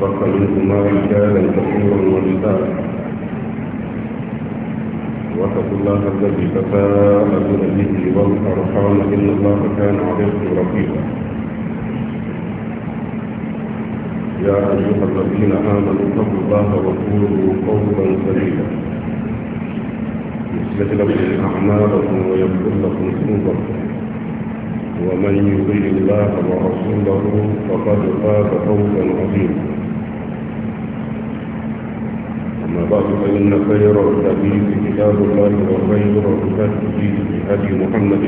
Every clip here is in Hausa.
فقلهما رجالا كثيرا ونساء واتقوا الله الذي تساءلون به والارحام ان الله كان عليكم رقيبا يا ايها الذين امنوا اتقوا الله وقولوا قولا سديدا يصلح لكم اعمالكم ويغفر لكم ذنوبكم ومن يطيع الله ورسوله فقد فاز فوزا عظيما بعد فإن خير الحديث كتاب الله وخير الهدي هدي محمد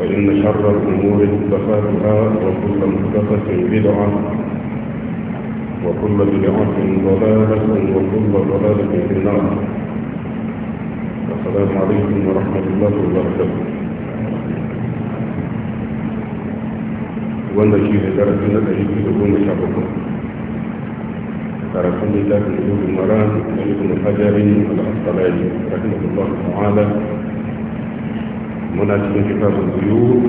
وإن شر الأمور محدثاتها وكل محدثة بدعة وكل بدعة ضلالة وكل ضلالة في النار السلام عليكم ورحمة الله وبركاته وأنا شيخ درسنا الأجيب لكم تركني لك نجوم المران ملك الحجر الأصطلاج رحمه الله تعالى مناسب كتاب الزيور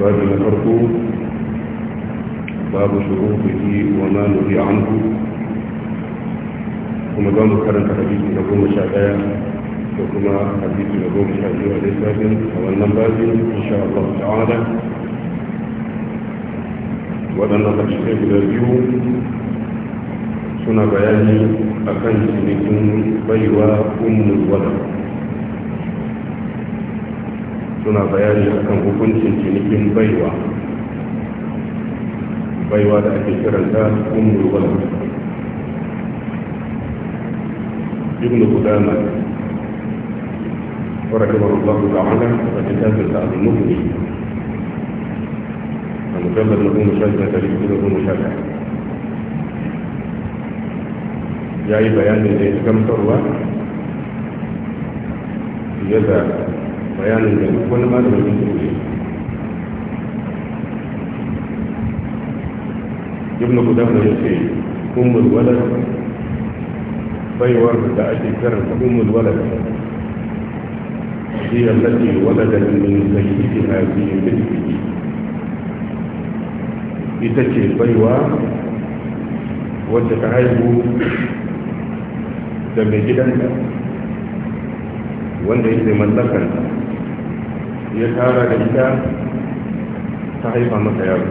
باب الأرقو باب شروطه وما نهي عنه ثم قام بكرنك حديث من أبو مشاهدية وكما حديث من أبو مشاهدية وليساكن والنباز إن شاء الله تعالى وأنا قد شكيت اليوم suna bayani a kan cinikin baiwa ummul wala suna bayani a kan hukuncin cinikin baiwa baiwa da ake kiranta ummul wala ibn qudama رحمه الله تعالى وكتاب الأرض المغني المجلد الأم شجرة الأم شجرة ya yi bayanin da ya gamtarwa fiye da bayanin da wani malamin da ya ibn da ya ce umar walad baiwar da ake da ta ummul da هي التي ولدت من سيدها في مثله ita ce baiwa wadda ta haihu da mai gidanta wanda yake mallakar ya tara da ita ta haifa masa yaro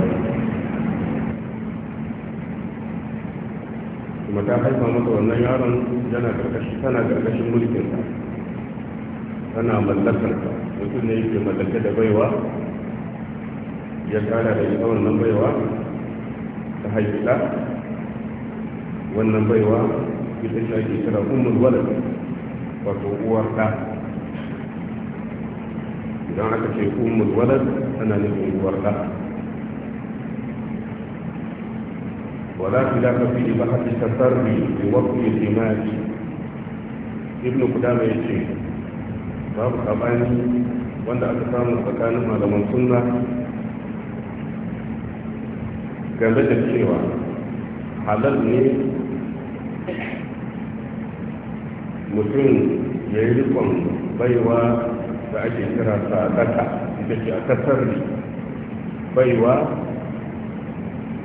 kuma ta haifa masa wannan yaron yana karkashin tana karkashin mulkinsa tana mallakarsa mutum ne yake mallake da baiwa ya tara da ita wannan baiwa ta haifi wannan baiwa ita ce ake kira ummul walad wato uwar da idan aka ce ummul walad ana nufin uwar da ولا خلاف في بحث التسري بوقت الدماغ ابن قدامة يشير باب خباني wanda aka samu tsakanin malaman sunna game da cewa halal ne mutum ya yi rikon baiwa da ake kira sadaka ita ce a baiwa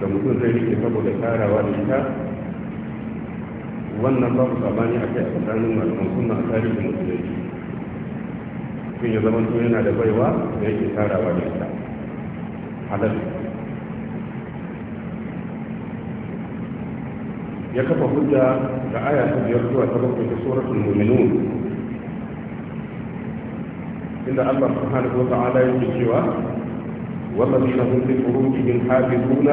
da mutum zai rike saboda karawa da ita wannan babu sabani a kai a tsakanin malaman suna a tarihin musulunci sun ya zama yana da baiwa da yake tarawa da ita halal ya kafa hujja da aya ta biyar zuwa ta bakwai ta suratul mu'minun inda Allah subhanahu wa ta'ala yake cewa والذين هم لفروجهم حافظون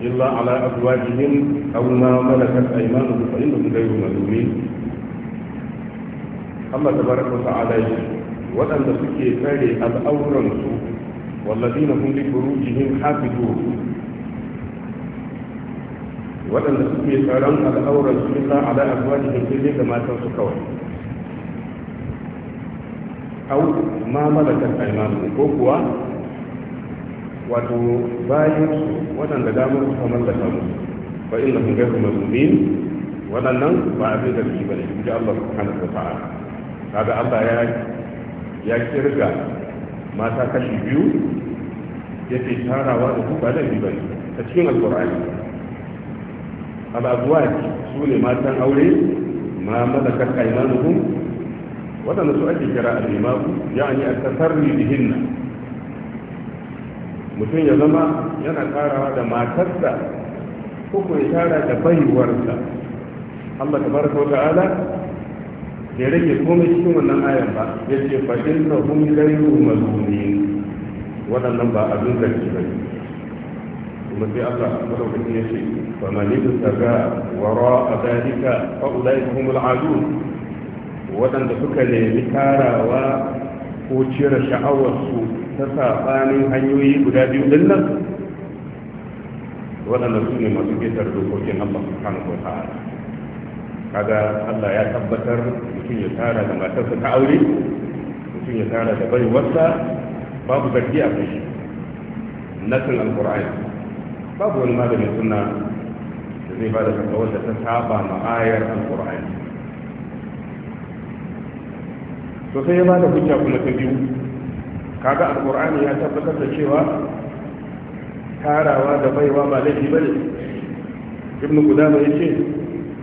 إلا على أزواجهم أو ما ملكت أيمانهم فإنهم غير ملومين Allah tabaraka wa ta'ala waɗanda suke tsare al'auransu wallazina hum li furujihim hafizun waɗanda suke tsaron al'auran su illa ala azwajihim da dai ga matan su kawai au ma malakat aymanuhum ko kuwa wato bayan su waɗanda damar su kamar da kamu fa inna hum ghayru mazlumin waɗannan ba a abin da ba ne inji Allah subhanahu wa ta'ala kaga Allah ya ya kirga mata kashi biyu yake tarawa da su ba da ba ne, a cikin al'ƙur'ani. al'azuwaj su ne matan aure ma malakar aimanuhum waɗanda su ake kira al'imaku ya ne yi a tasarri bihinna mutum ya zama yana karawa da matarsa ko kuma ya tara da baiwarsa Allah ta baraka wa ta'ala ya rage komai cikin wannan ayan ba ya ce fa inna hum ghayru malumin waɗannan ba abin zargi ne. kuma sai Allah madaukakin ya ce فمن ابتغى وراء ذلك فأولئك هم العادون وطن سكا نيمي تاراوا ko cire sha'awarsu ta saɓanin hanyoyi guda biyu din nan waɗanda su ne masu ƙetar dokokin Allah subhanahu wa ta'ala kaga Allah ya tabbatar mutum ya tara da matarsa ta aure mutum ya tara da baiwarsa babu zargi a kai nasin alqur'ani babu wani malamin sunna في هذا المتوجه تتعاطى مع آية القرآن فسي ما لك جاء كل تجيو كذا القرآن يعتبر كذا شيوا كارا وادا بيوا ما لك بل ابن قدام يشي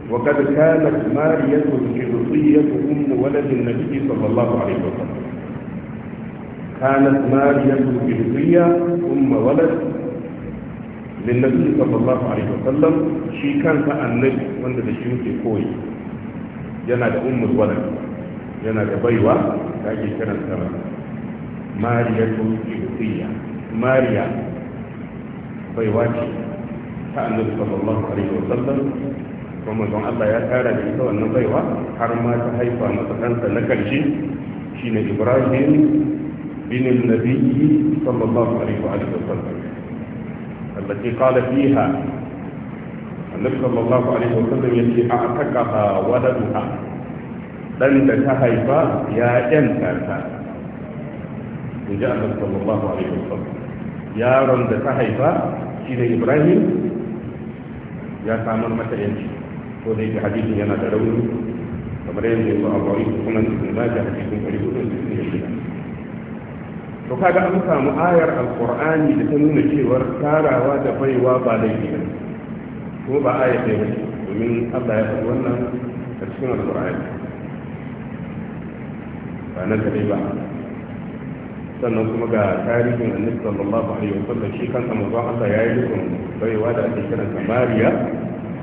وقد كانت مارية الجنوطية أم ولد النبي صلى الله عليه وسلم كانت مارية الجنوطية أم ولد lillabi sallallahu alaihi wasallam shi kansa annabi wanda da shi muke koyi yana da ummul yana da baiwa mariya baiwa ce ta annabi kuma don Allah ya tara da ita wannan baiwa har ma ta haifa masa kansa na karshe shine Ibrahim bin Nabi sallallahu alaihi wa sallam التي قال فيها النبي صلى الله عليه وسلم يتي أعتقها ولدها لن تتهيب يا أنت وجاء النبي صلى الله عليه وسلم يا رن تهيب سيد إبراهيم يا سامر متى يمشي وذي حديث ينا تدور kamar yadda yanzu a bari sunan da za ta hakikin ƙarfi to kaga an samu ayar alqur'ani da ta nuna cewar tarawa da baiwa ba laifi ne kuma ba aya ɗaya ba domin Allah ya faɗi wannan a cikin alqur'ani ba na kadai ba sannan kuma ga tarihin annabi sallallahu alaihi wa sallam shi kansa manzon Allah ya yi nufin baiwa da ake kiran samariya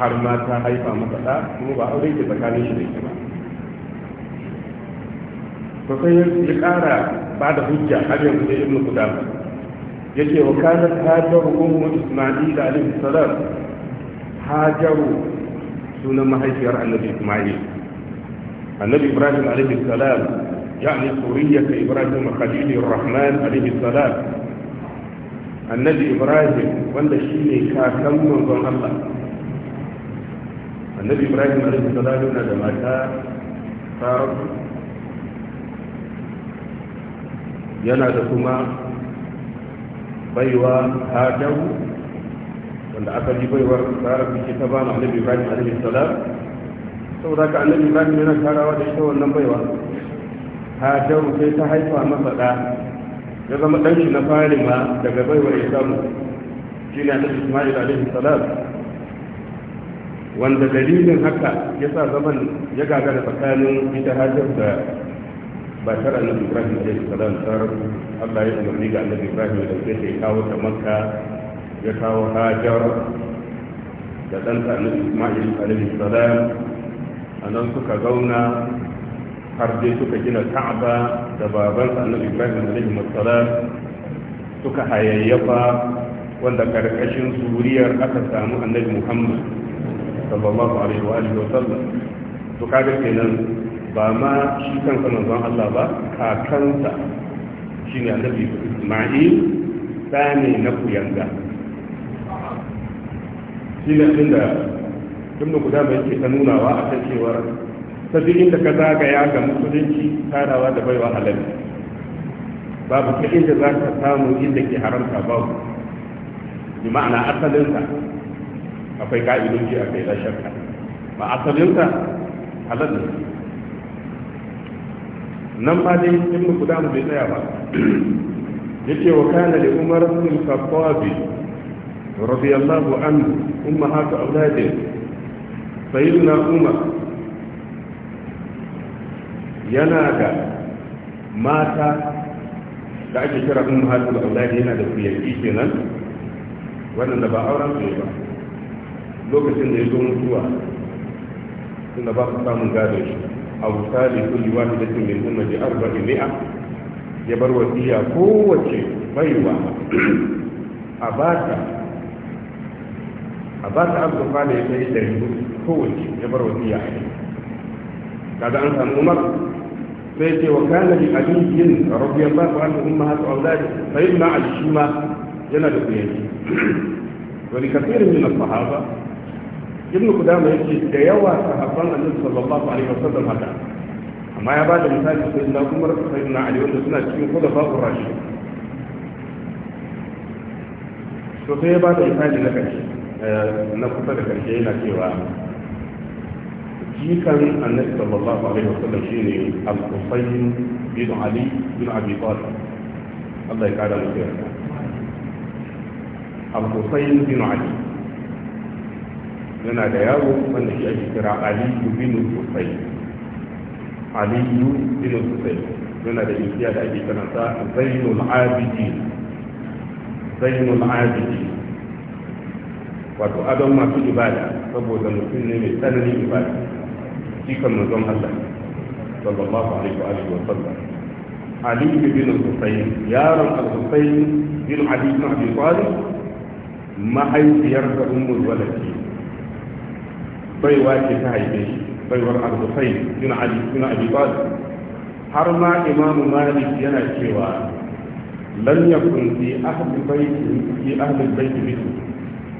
har ma ta haifa masa da kuma ba aure ke tsakanin shi da ita ba to sai ya ƙara ba da hujja har yanzu da ibnu qudama yake wa kana hajaru ummu isma'il alaihi salam hajaru sunan mahaifiyar annabi isma'il annabi ibrahim alaihi salam yani suriyata ibrahim khalilur rahman alaihi salam annabi ibrahim wanda shine kakan manzon Allah annabi ibrahim alaihi salam yana da mata sarrafa yana da kuma baiwa hadaru wanda aka ji baiwar tsara fiki ta ba ma annabi ibrahim alaihi salam saboda ka annabi ibrahim yana tarawa da ita wannan baiwa hadaru sai ta haifa masa da ya zama dan shi na fari ma daga baiwar ya samu shi ne annabi isma'il alaihi salam wanda dalilin haka ya sa zaman ya gagara tsakanin ita hajjar da ba tara annabi ibrahim ya salam tar Allah ya umarni ga annabi ibrahim da ya ya kawo ta makka ya kawo hajar da ɗansa annabi isma'il alaihi salam anan suka zauna har dai suka gina ka'aba da babansa annabi ibrahim alaihi salam suka hayayyafa wanda karkashin suriyar aka samu annabi muhammad sallallahu alaihi wa alihi wa sallam to kaga kenan ba ma shi kan manzon Allah ba kakansa shi ne annabi Isma'il da na kuyanga shi ne tun guda mai yake ta nunawa a kan cewa ta inda ka zagaya ga musulunci tarawa da baiwa halal babu ta inda za ka samu inda ke haramta babu bi ma'ana asalinsa akwai ka'idoji a kai da shakka ba asalinsa halal ne nan ma dai guda mu bai tsaya ba ce wa kana li umar ibn al-khattab radiyallahu anhu haka awladi sayyidina umar yana da mata da ake kira haka awladi yana da kuyanki kenan wannan ba auren su ba lokacin da ya zo mutuwa tunda ba ku samun gado shi أوصى لكل واحدة منهن بأربع مئة يبر وسيا قوة بيوة أباتا أباتا أبو قال يبي دريب قوة يبر وسيا هذا أنت عمر فيتي وكان لعلي رضي الله عنه أمهات أولاده فإما علي شيما ينال بيدي ولكثير من الصحابة ibn kudama yake da yawa sahabban annabi sallallahu alaihi wasallam haka amma ya ba da misali sai na umar sai na ali wanda suna cikin khulafa'ur rashid to sai ya ba da misali na karshe eh, na kusa da karshe yana cewa jikan annabi sallallahu alaihi wasallam shine al-husayn bin ali bin abi talib Allah ya kada mu da al-husayn bin ali yana da yaro wanda shi ake kira aliyu binu sosai aliyu binu sosai yana da inkiya da ake kiransa zainul abidi zainul abidi wato adon masu ibada saboda mutum ne mai tsananin ibada shi kan manzon Allah sallallahu alaihi wa alihi wa sallam Ali binu sosai yaron Al-Husayn bin Ali bin Abi Talib mahaifiyar da ummul walad baiwa ke ta haife shi baiwar al-husayn bin ali bin abi har ma imam malik yana cewa lan yakun fi ahli baiti fi ahli baiti bisu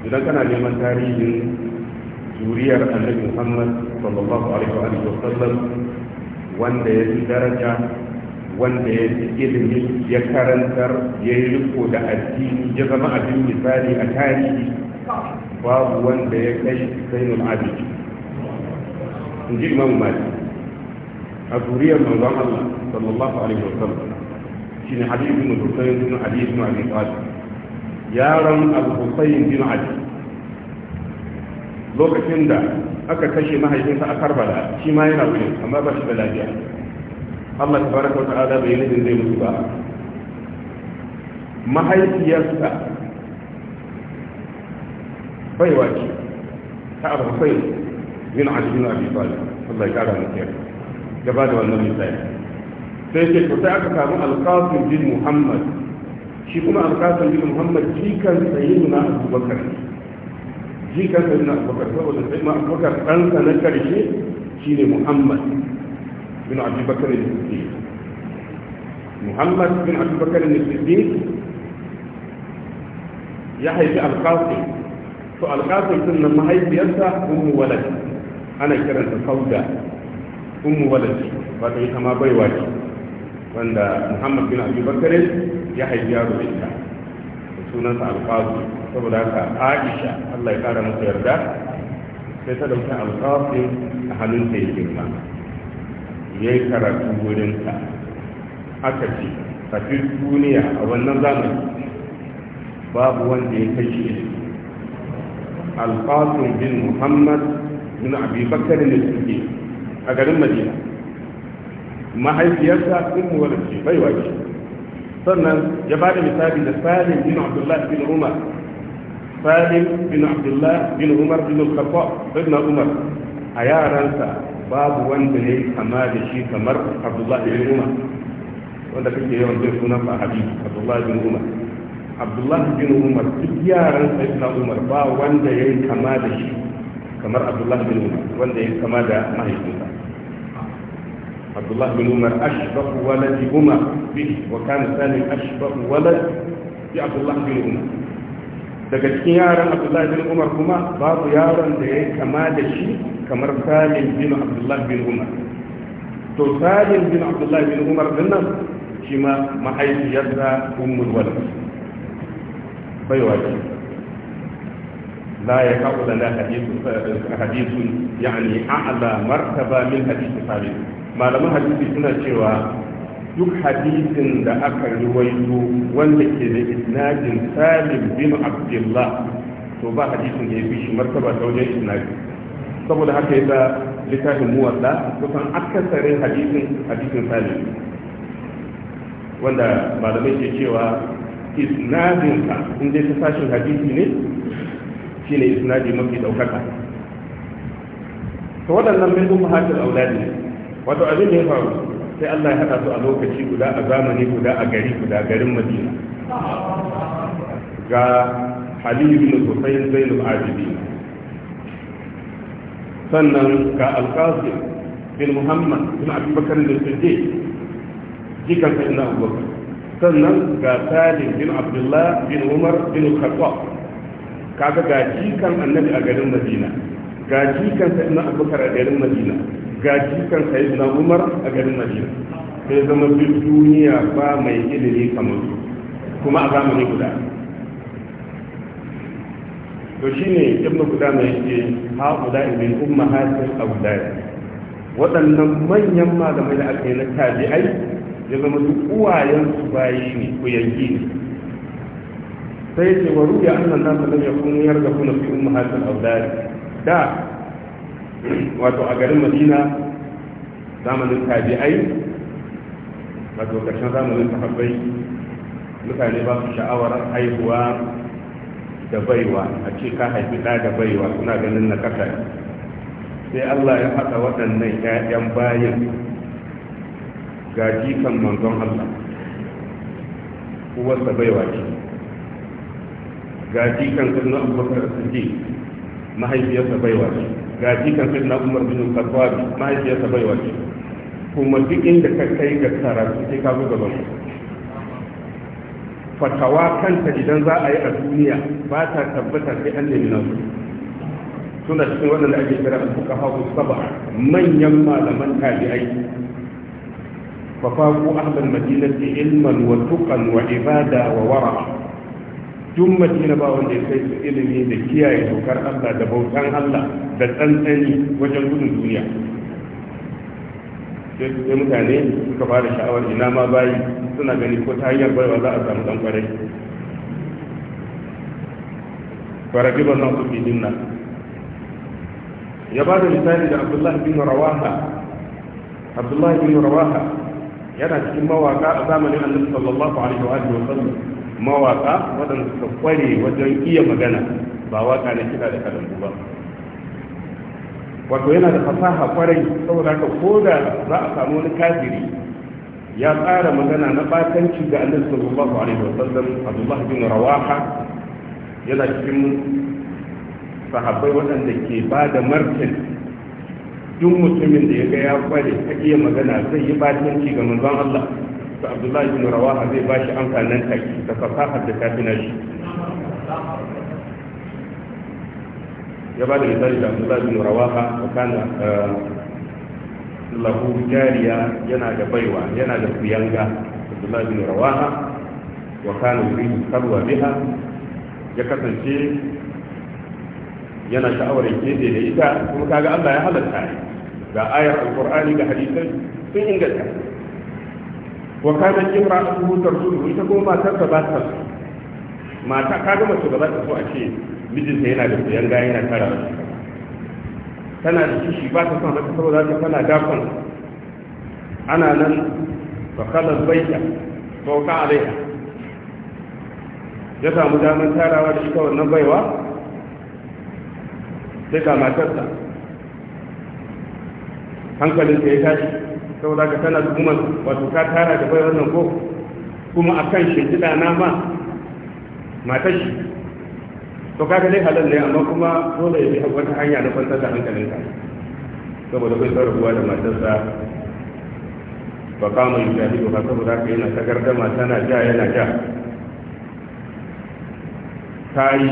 idan kana neman tarihin zuriyar annabi muhammad sallallahu alaihi wa sallam wanda ya fi daraja wanda ya fi ilimi ya karantar ya yi riko da addini ya zama abin misali a tarihi babu wanda ya kai zainul abidi in ji imam malik a zuriyar manzon Allah sallallahu alaihi wa wasallam shine hadith ibn husayn ibn ali ibn abi talib yaron al-husayn bin ali lokacin da aka kashe mahaifinsa a karbala shi ma yana wurin amma ba shi da lafiya Allah tabaraka wa ta'ala bai nufin zai mutu ba mahaifiyarsa baiwa ce ta abu sai bin ajiyun abi talib Allah ya kara miki yarda gaba da wannan misali sai ce ko sai aka samu alqasim bin muhammad shi kuma alqasim bin muhammad jikan sayyidina abubakar jikan sayyidina abubakar saboda sayyidina abubakar dan sa na karshe ne muhammad bin abubakar al-siddiq muhammad bin abubakar al-siddiq ya haifi alqasim to alƙasim din nan mahaifiyarsa ummu walad ana kiranta fauda ummu walad wato ita kama baiwa ce wanda muhammad bin abi bakare ya haifi yaro da ita sunansa alƙasim saboda haka aisha allah ya kara masa yarda sai ta dauki alƙasim a hannunta ya girma ya yi karatu wurinta aka ce tafi duniya a wannan zamani babu wanda ya kai shi alqasim bin muhammad bin abi bakar ne suke a garin madina mahaifiyarsa ummu wala ce baiwa sannan ya bada misali da salim bin abdullah bin umar salim bin abdullah bin umar bin al-khattab ibn umar a yaransa babu wanda ne kama da shi kamar abdullah bin umar wanda kake yawan jin sunan sahabi abdullah bin umar abdullahi bin umar duk yaran sayyidina umar ba wanda ya yi kama da shi kamar abdullahi bin umar wanda ya yi kama da mahaifinsa abdullahi bin umar ashbahu waladi umar bihi wa kana sani ashbahu walad bi abdullahi bin umar daga cikin yaran abdullahi bin umar kuma babu yaron da ya yi kama da shi kamar salim bin abdullahi bin umar to salim bin abdullahi bin umar din nan shi ma mahaifiyarsa Umar walad baiwa ce la ya kawo da na hadisun yani a'ala martaba min hadisi sabit malaman hadisi suna cewa duk hadisin da aka riwayo wanda ke da isnadin salim bin abdullah to ba hadisin da ya fi shi martaba ta wajen isnadin saboda haka yasa littafin muwadda kusan akasarin hadisin hadisin salim wanda malamai ke cewa isnadinsa in dai ta sashin hadisi ne shi ne isnadi mafi ɗaukaka to waɗannan mai kuma hajjar auladi ne wato abin da ya faru sai Allah ya haɗa su a lokaci guda a zamani guda a gari guda garin Madina ga na bin Husayn Zainul Abidin sannan ga al bin Muhammad bin Abubakar da su jikan sai ina Abubakar sannan ga salim bin abdullah bin umar bin khattab kaga ga jikan annabi a garin madina ga jikan sayyidina abubakar a garin madina ga jikan sayyidina umar a garin madina sai zama duk duniya ba mai ilimi kamar su kuma a zamani guda to shine ibn guda mai yake guda ibn ummahatil awdad waɗannan manyan malamai da aka yi na tabi'ai ya zama duk uwayensu bayi ne ko yanki ne sai ce wa ruya an nan da ya kun yar da kuna fi umma hasan audari da wato a garin madina zamanin tabi'ai wato karshen zamanin sahabbai mutane ba su sha'awar haihuwa da baiwa a ce ka haifi ɗa da baiwa suna ganin na ƙasa sai allah ya haɗa waɗannan 'ya'yan bayan ga jikan manzon Allah uwarsa baiwa ce ga jikan sirna abubakar sirji mahaifiyarsa baiwa ce ga jikan sirna umar bin kasuwabi mahaifiyarsa baiwa ce kuma duk inda ka kai ga karatu sai ka zo gaban fatawa kanta idan za a yi a duniya ba ta tabbata sai an nemi nasu suna cikin waɗanda ake kira al-fuqaha saba manyan malaman tabi'ai ففاقوا أهل المدينة علما وتقا وعبادة وورعا duk madina ba wanda ya kai su ilimi da kiyaye dokar Allah da bautan Allah da tsantsani wajen gudun duniya sai mutane suka fara sha'awar ina ma bayi suna gani ko ta hanyar baiwa za a samu dan kwarai farabi ba nasu fi dinna ya ba da misali da Abdullahi bin Rawaha Abdullahi bin Rawaha yana cikin mawaka a zamanin annabi sallallahu alaihi wa sallam mawaka wadanda suka kware wajen iya magana ba waka na kiɗa da kalambu ba wato yana da fasaha kwarai saboda haka ko da za a samu wani kafiri ya tsara magana na batanci da annabi sallallahu alaihi sallam abdullah bin rawaha yana cikin sahabbai waɗanda ke ba da martani duk mutumin da ya ga ya kware a iya magana zai yi batanci ga manzon Allah to Abdullahi bin Rawaha zai bashi amsa nan take da fasahar da ta fina shi ya ba da misali da Abdullahi bin Rawaha wa kana eh, lahu jariya yana da baiwa yana da kuyanga Abdullahi bin Rawaha wa kana yuridu sarwa biha ya kasance yana sha'awar yake da ita kuma kaga Allah ya halatta ne ga ayar alkur'ani da hadisai sun inganta wa kana kimra abu tarzu ita kuma matar ta ba ta mata ga mace ba za ta so a ce mijinta yana da koyan gaya yana tara tana da kishi ba ta son haka saboda ta tana dakon ana nan fa kala baita sauka alaiha ya samu damar tarawa da ita wannan baiwa sai ga matarsa hankalinka ya tashi saboda ka tana tuhumar wato ka tara da bayar wannan ko kuma a kan shimfiɗa na ma matar shi to kaga dai halal ne amma kuma dole ya bi wata hanya na kwantar da hankalinka saboda bai sarrafuwa da matarsa ba kama yi jahilu ba saboda ka yana ma tana ja yana ja ta yi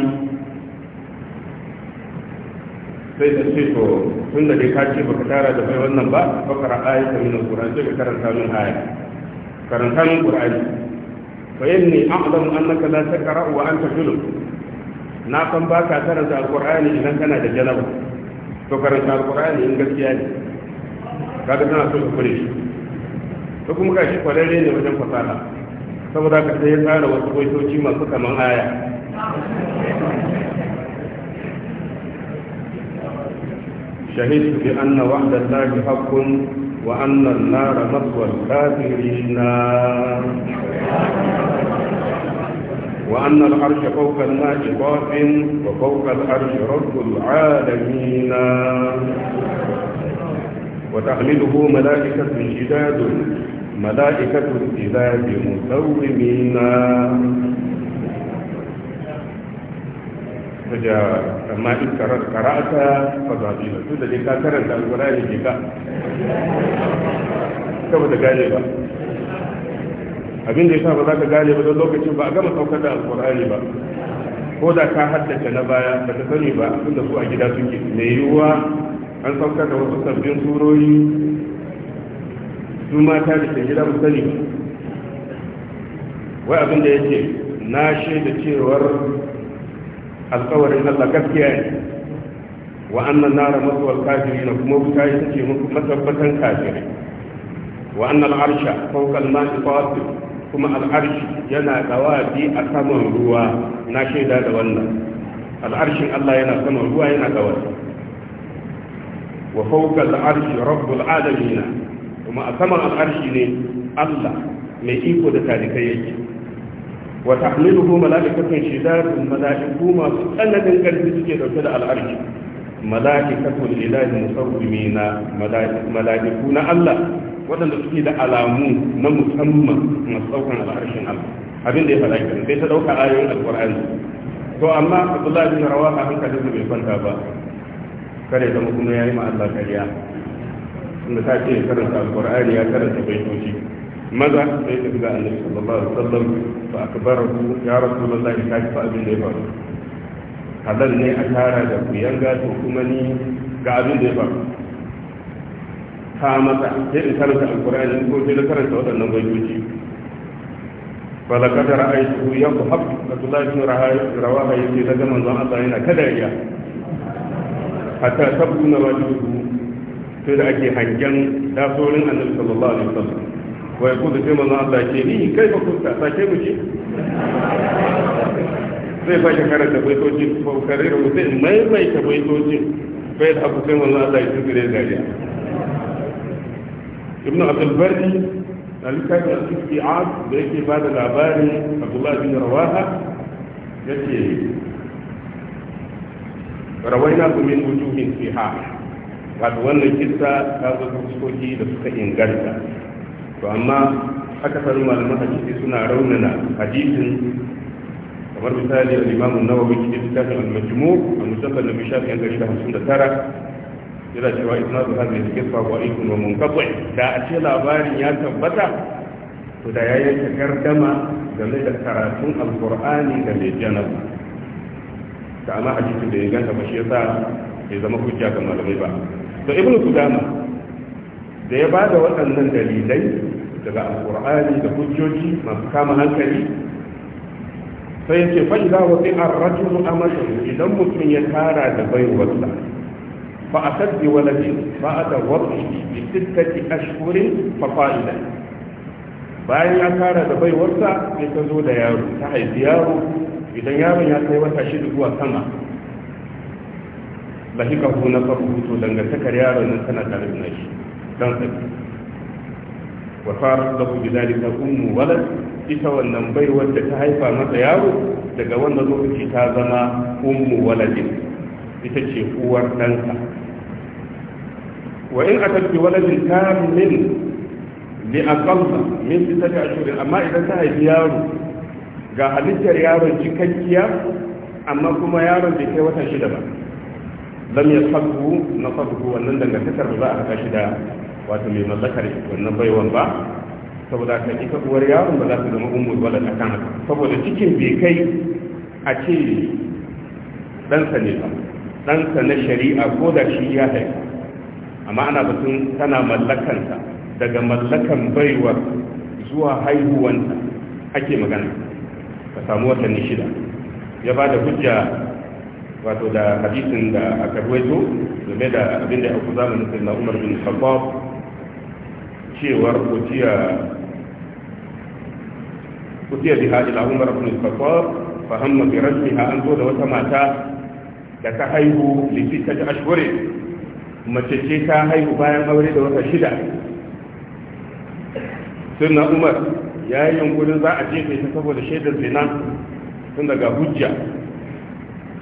sai da ce to tun da dai ka ce baka tara da bai wannan ba bakara ayata min alquran sai ka karanta min aya karanta min qur'ani fa inni a'lamu annaka la taqra wa anta julub na san ba ka karanta alqur'ani idan kana da janaba to karanta alqur'ani in gaskiya ne kaga tana so ka kure shi to kuma shi kwararre ne wajen fasaha saboda ka sai ya tsara wasu baitoci masu kaman aya شهدت بأن وعد الله حق وأن النار مطوى الكافرين وأن العرش فوق الماء طاف وفوق العرش رب العالمين وتحمله ملائكة شداد ملائكة الكتاب مسومين da amma in kara'ata fa zabila to da ka karanta alqur'ani ne ka da gane ba abin da yasa ba za ka gane ba don lokacin ba a gama saukar da alqur'ani ba ko da ka haddace na baya ba ta sani ba da su a gida suke mai yiwuwa an saukar da wasu sabbin surori su mata da ke gida ba sani wai abin da yake na shaida cewar alkawarin Allah gaskiya ne wa annan nara masuwar kafiri na kuma wuta ita ce muku matabbatan kafirai wa annal arsha fawqal ma'i fasil kuma al'arshi yana dawafi a saman ruwa na shaida da wannan al'arshin Allah yana saman ruwa yana dawafi wa fawqal arshi rabbul alamin kuma a saman al'arshi ne Allah mai iko da talikai yake wa tahmiluhu mala'ikatun shidatun mala'iku masu tsananin karfi suke dauke da al'arshi mala'ikatul ilahi musawwimina mala'iku na Allah waɗanda suke da alamu na musamman masu saukan al'arshin Allah abin da ya faɗa kenan sai ta ɗauka ayoyin alƙur'ani to amma Abdullahi bin hankali hankalin bai kwanta ba kare zama mu kuma yayi ma Allah kariya inda ta ce karanta alƙur'ani ya karanta baitoci maza sai tafi ga annabi sallallahu alaihi wasallam fa akbarahu ya rasulullahi ka fa abin da ya faru halal ne a tara da kuyanga to kuma ni ga abin da ya faru ta masa sai in karanta alqur'ani ko sai na karanta waɗannan baitoci falakad ra'aytuhu yadhhab Abdullah ibn Rawaha yake daga manzon Allah yana kada ya hatta sabuna wajibu sai da ake hangen dasorin annabi sallallahu alaihi wasallam wa ya kudu sai manzon Allah ke ni kai ba kunta sake mu ce zai sake karanta baitocin ko kare da mutum maimaita baitocin bai da abu sai manzon Allah ya tsire dariya ibnu abdul barri alkitabi al-isti'ab da yake ba da labarin abdullah bin rawaha yake rawaina ku min wujuhin fiha wato wannan kissa ta zo ta fuskoki da suka inganta to amma sanu malaman hadisi suna raunana hadisin kamar misali al-imam an-nawawi cikin kitabin al-majmu' al-musannad na da tara yana cewa isnadu hadhihi al-qissa wa ikun wa munqati da a ce labarin ya tabbata to da ya yanke gardama game da karatun alqur'ani da mai janar. da amma hadisin da ya ganta ba shi sa ya zama hujja ga malamai ba to ibnu qudama da ya bada waɗannan dalilai daga alƙur'ani da hujjoji masu kama hankali sai yake fa idza wasi'a a rajulu amatu idan mutum ya tara da baiwarsa fa atad bi ba a da wasi bi sittati a fa fafa’ila bayan ya tara da baiwarsa sai ta zo da yaro ta haifi yaro idan yaron ya kai wata shi zuwa sama lahikahu na farko to dangantakar yaron nan tana tare da shi dan sa wa ku lahu bidalika ummu walad ita wannan bai wanda ta haifa masa yaro daga wannan lokaci ta zama ummu waladin ita ce uwar ɗansa wa in aka ce waladin kamil li aqalla min sittati amma idan ta haifi yaro ga halittar yaron cikakkiya amma kuma yaron bai kai wata shida ba lam na nasabuhu wannan dangantakar ba za a haɗa shi da wato mai mallakar wannan baiwan ba saboda ka ita uwar yaron ba za ta zama umur wala ta haka saboda cikin bai kai a ce ɗansa ne ba ɗansa na shari'a ko da shi ya haifa amma ana batun tana mallakansa daga mallakan baiwar zuwa haihuwanta ake magana ka samu watanni shida ya ba da hujja wato da hadisin da aka ruwaito game da abin da ya ku sai na umar bin khattab cewar kutiya kutiya bi hajji na umar ibn al-khattab fa hamma bi rajmiha an zo da wata mata da ta haihu likita ta ashhure mace ce ta haihu bayan aure da wata shida sunna umar ya yi yunkurin za a jefe ta saboda shaidar zina tun daga hujja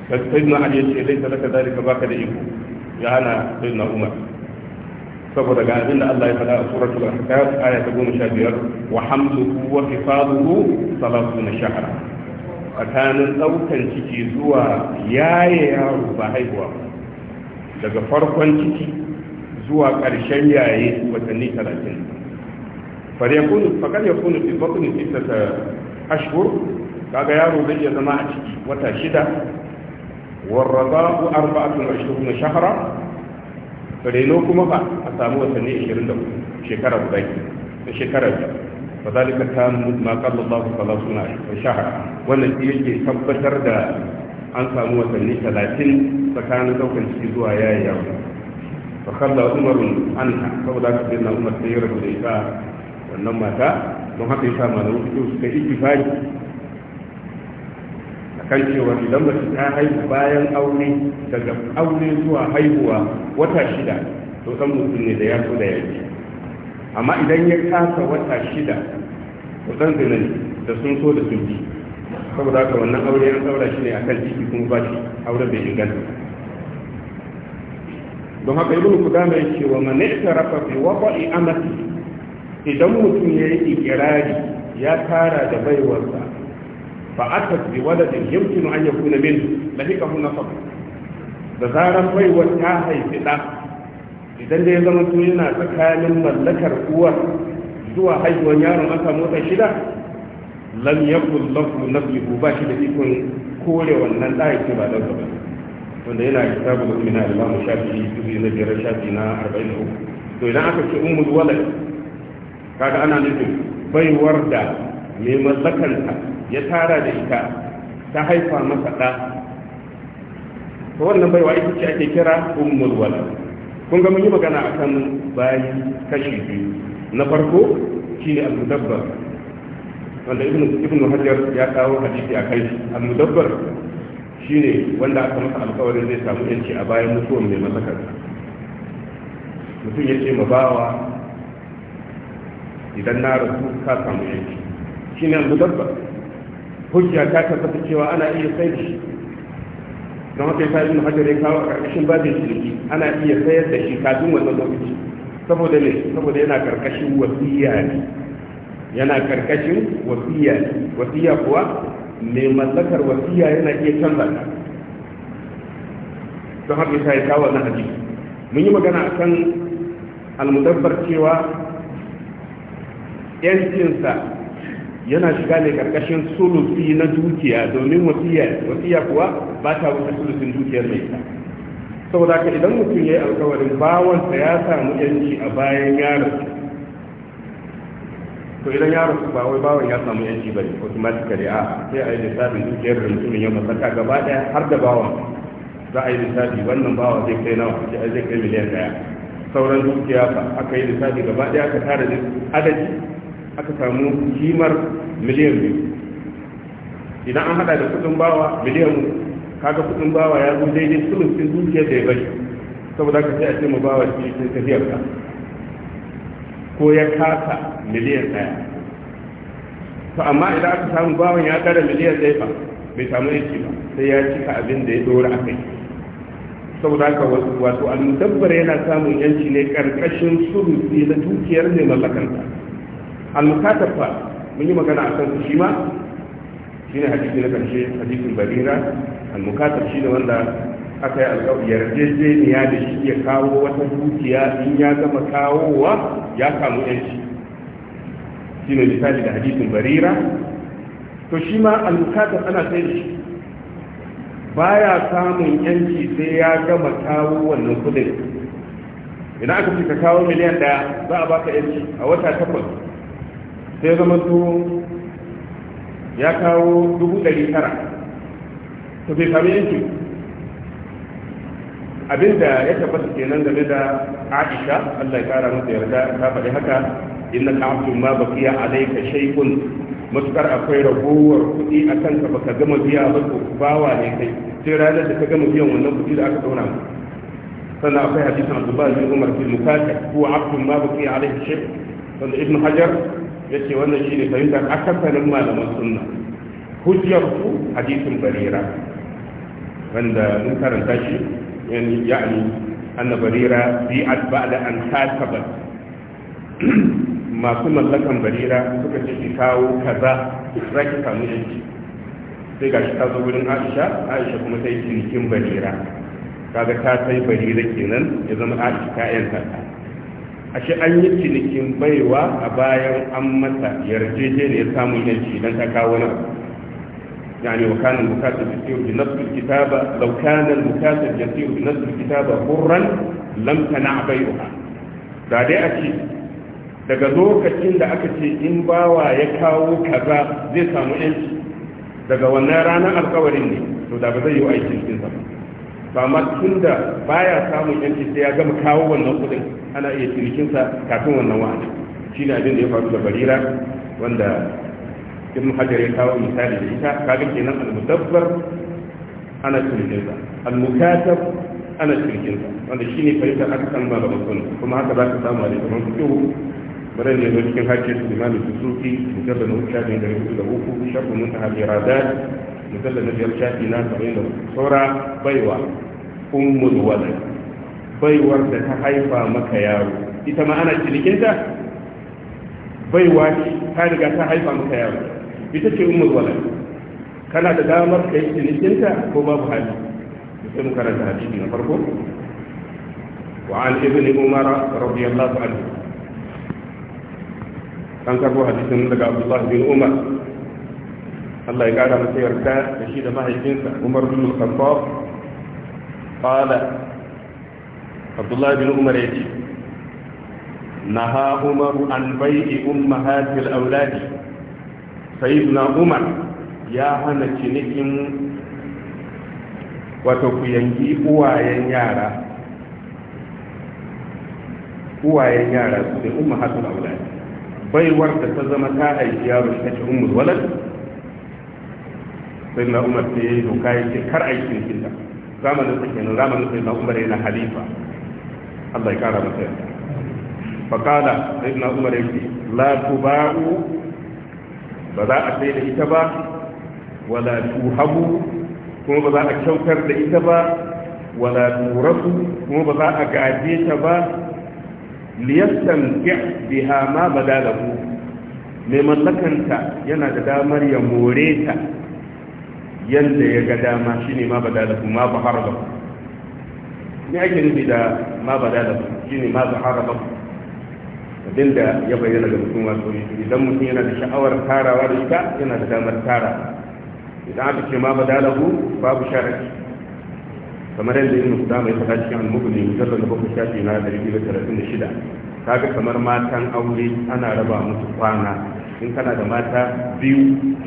sai na ali ya ce laisa laka zalika baka da iko ya hana sai na umar saboda ga abin da Allah ya faɗa a suratul ahqaf aya ta goma sha biyar. wa hamluhu wa fisaluhu salatuna shahra tsakanin daukan ciki zuwa yaye yaro ba haihuwa daga farkon ciki zuwa ƙarshen yaye watanni talatin. far yakunu kunu yakunu fi batni ta ashhur kaga yaro zai iya zama a ciki wata shida ku والرضاء أربعة na shahara. reno kuma ba a samu watanni 24 shekara guda da shekarar da ba za ka ta ma kallon ba ku kala suna da shahar wannan shi yake tabbatar da an samu watanni 30 tsakanin daukan ciki zuwa ya yi yawon ba kalla umarun anha saboda ka dinna umar ta ya rabu da ita wannan mata don haka yasa malamu su ka ittifaqi kan cewa idan mace ta haihu bayan aure daga aure zuwa haihuwa wata shida to san mutum ne da ya so da ce amma idan ya kasa wata shida to san zina ne da sun so da sun bi saboda haka wannan aure an saura shi ne akan ciki kuma ba shi aure bai inganta don haka ibnu kudama ce wa man i'tarafa fi waqa'i amati idan mutum yayi ikirari ya tara da baiwarsa فأتت بولد يمكن أن يكون منه لهيكه النصب da zarar baiwar ta haifi ɗa idan da ya zama to yana tsakanin mallakar uwar zuwa haihuwar yaron an samu wata shida lam yakul lahu nabihu ba shi da ikon kore wannan ɗa yake ba dan ba wanda yana kitabu da kuma na imamu shafi dubu na biyar shafi na arba'in da uku to idan aka ce ummul walad kaga ana nufin baiwar da mai mallakanta ya tara da ita ta haifa masa ɗa to wannan baiwa ita ce ake kira ummul walad kun ga mun yi magana akan bayi kashi biyu na farko shine al-mudabbar wanda ibnu ibnu hajar ya kawo hadisi kai al-mudabbar shine wanda aka masa alƙawarin zai samu yanci a bayan mutuwar mai mazakar mutum ya ce ma bawa idan na rasu ka samu yanci shine al-mudabbar hujja ta tabbata cewa ana iya sayar da shi don haka ya ibn hajar ya kawo a karkashin babin shirki ana iya sayar da shi kafin wannan lokaci saboda ne saboda yana karkashin wasiya ne yana karkashin wasiya ne wasiya kuwa mai mallakar wasiya yana iya canza ta don haka ya ya kawo wannan hadisi mun yi magana akan almudabbar cewa yancinsa yana shiga ne karkashin sulusi na dukiya domin wasiya kuwa ba ta wuce sulusin dukiyar mai ta saboda ka idan mutum ya yi alkawarin bawansa ya samu yanci a bayan yaron to idan yaron su ba wai bawan ya samu yanci ba ne automatically a sai a yi lissafin dukiyar da mutumin ya masaka gaba daya har da bawan za a yi lissafi wannan bawan zai kai nawa zai kai miliyan daya sauran dukiya ba aka yi lissafi gaba daya aka tara adadi aka samu kimar miliyan biyu idan an hada da kudin bawa miliyan kaga kudin bawa ya zo daidai sulusin dukiyar da ya bari saboda ka sai a ce mu bawa shi sai tafiyar ka ko ya kasa miliyan daya to amma idan aka samu bawan ya kara miliyan daya ba bai samu yanki ba sai ya cika abin da ya dora a kai saboda haka wato al-mudabbar yana samun yanci ne karkashin sulusi na dukiyar ne ta. al-mukatafa mun yi magana a kansu shi ma shine hadisi na karshe hadisin barira al shi ne wanda aka yi alƙawari yarjejeniya da shi ya kawo wata dukiya in ya gama kawowa ya kamu yanci Shi ne misali da hadisin barira to shi ma al ana sai da shi baya samun yanci sai ya gama kawo wannan kudin idan aka fi ka kawo miliyan daya za a baka yanci a wata takwas sai zama tuwon ya kawo dubu ɗari tara to bai sami yanki abinda ya tabbata kenan game da aisha allah ya kara masa yarda ta faɗi haka inna ka abdu ma bakiya alayka shay'un matukar akwai ragowar kuɗi a kanka baka gama biya ba ko bawa ne kai sai ranar da ka gama biyan wannan kuɗi da aka daura sannan akwai hadisin abdullahi bin umar bin mukatab huwa abdu ma bakiya alayka shay'un sannan ibn hajar yace wannan shine fahimtar akasarin malaman sunna hujjar ku hadisin barira wanda mun karanta shi yani ya'ni anna barira bi'at ba'da an masu mallakan barira suka ce ki kawo kaza za ki samu yanki sai gashi ta zo wurin Aisha Aisha kuma ta yi cinikin barira kaga ta sai barira kenan ya zama Aisha ta yanta ta ashe an yi cinikin baiwa a bayan an masa yarjejeniyar samun yanci don ta kawo nan يعني وكان المكاتب يسير بنص الكتابة لو da المكاتب يسير بنص الكتابة حرا لم تنع بيعها da dai a ce daga lokacin da aka ce in bawa ya kawo kaza zai samu yanci daga wannan ranar alkawarin ne to da ba zai yi aikin cikin ba ba ma tun da baya samun yanci sai ya gama kawo wannan kudin ana iya cinikinsa kafin wannan wa'adi shi ne abin da ya faru da barira wanda ibn hajar ya kawo misali da ita kaga kenan al-mudabbar ana cinikinsa al-mukatab ana cinikinsa wanda shi ne farisa aka san malaman sunna kuma haka za ka samu a littafin kyau bari ne zo cikin hajjin imam sufi mujallal na hukumar da 3 da hukumar shafin mun ta hadirat mujallar na biyar shafi na saba'in da saura baiwa ummul walad baiwar da ta haifa maka yaro ita ma ana cinikinta baiwa ce ta riga ta haifa maka yaro ita ce ummul walad kana da damar kai cinikinta ko babu hali sai mu karanta hadisi na farko وعن ابن عمر رضي الله عنه كان كربو حديث daga عبد الله Umar. Allah ya kara masa yarda da shi da mahaifinsa Umar bin Khattab qala Abdullah bin Umar ya yace naha Umar an bai'i ummahatil auladi sayyidina Umar ya hana cinikin wato ku yanki uwayen yara uwayen yara su da umma hasu auladi baiwar da ta zama ta haifi yaro ta ce ummul walad sai na umar sai yi doka ya ce kar a yi cinikin da zamanin sa kenan zamanin sai na umar yana halifa Allah ya kara masa yarda fakala sai na umar ya ce la tuba'u ba za a sai da ita ba wala tuhabu kuma ba za a kyautar da ita ba wala turasu kuma ba za a gaje ta ba liyastan biha ma badalahu mai mallakanta yana da damar ya more ta yanda ya ga dama shine ma ba da ma ba haraba ne ake nufi da ma ba da shine ma ba haraba abin da ya bayyana ga mutum wato idan mutum yana da sha'awar tarawa da ita yana da damar tara idan aka ce ma ba da babu sharaki kamar yadda yin da mai fata cikin almubuli mujallar da bakwai shafi na da biyu da talatin da shida kaga kamar matan aure ana raba musu kwana in kana da mata biyu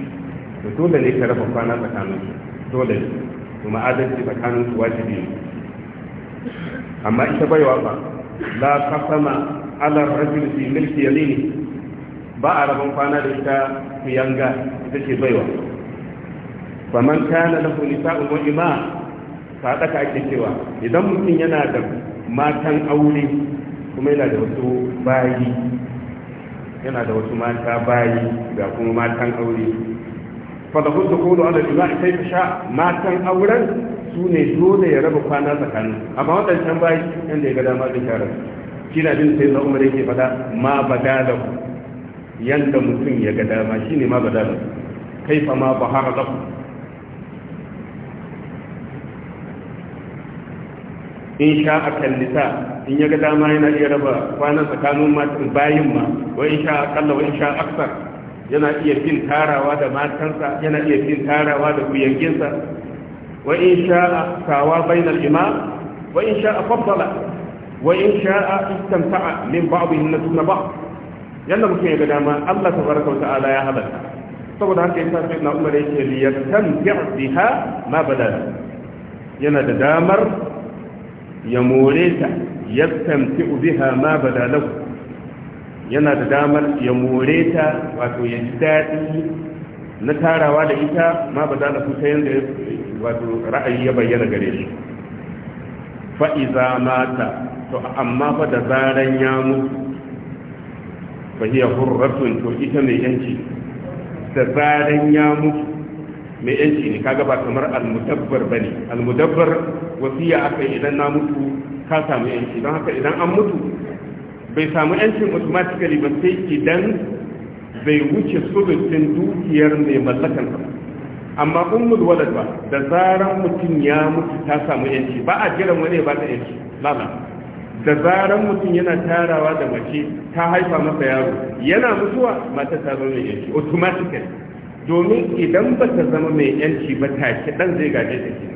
to dole ne ka raba kwana tsakanin su dole ne kuma adalci tsakanin su wajibi ne amma ita baiwa ba la kasama ala rajul fi milki yamini ba a rabon kwana da ita yanga ita ce baiwa man kana lahu nisa'un wa ima ta daka ake cewa idan mutum yana da matan aure kuma yana da wasu bayi yana da wasu mata bayi ga kuma matan aure falahun da kodo ala jima'i sai ta sha matan auren su ne dole ya raba kwana tsakanin amma waɗancan bayi inda ya ga dama zai shara shi na bin sai na umar yake faɗa ma bada da ku yanda mutum ya ga dama shi ne ma bada da ku kai fa ma ba har da ku in sha a kallita in ya ga dama yana iya raba kwana tsakanin bayin ma wa in sha a kalla wa in sha aksar yana iya fin tarawa da matansa yana iya fin tarawa da kuyanginsa wa in sha'a sawa bainal imam wa in sha'a faddala wa in sha'a istamta'a min ba'dihi na sunna ba yanda mutum ya ga dama Allah tabaraka wa ta'ala ya halatta saboda haka yasa sai na umar yake li yastamti' biha ma badala yana da damar ya more ta yastamti' biha ma badala yana da damar ya more ta wato ya ji daɗi na tarawa da ita ma ba za na fita yadda wato ra'ayi ya bayyana gare shi fa'iza mata to amma fa da zaran ya mutu fa hiya hurratun to ita mai yanci da zaran ya mutu mai yanci ne kaga ba kamar almudabbar bane almudabbar wasiya aka idan na mutu ka samu yanci don haka idan an mutu bai samu yancin automatically ba sai idan bai wuce sulusin dukiyar mai mallakan ba amma ummul walad ba da zaran mutum ya mutu ta samu yanci ba a jiran wani ba ta yanci lala da zaran mutum yana tarawa da mace ta haifa masa yaro yana mutuwa mata ta zama mai yanci automatically domin idan ba ta zama mai yanci ba take dan zai gaje da ke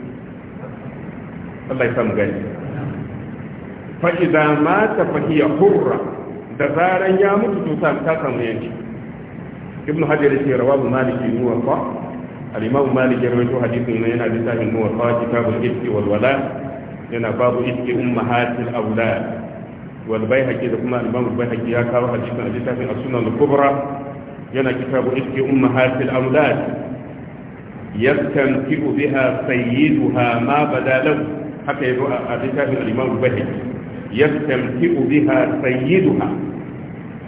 Allah ya samu gani فإذا مات فهي حرة دزارا يا متوسان تاسم ينشي ابن حجر في رواب مالك الموفى الإمام مالك يرويت حديث من ينا بساه الموفى كتاب الإفك والولاء ينا باب إفك أمهات الأولاد والبيهقي ذكما الإمام البيهقي يا وحديث من أجلتها السنة الكبرى ينا كتاب إفك أمهات الأولاد يستنكب بها سيدها ما بدا له حتى يروى الكتاب الإمام البيهقي yastamti'u biha sayyiduha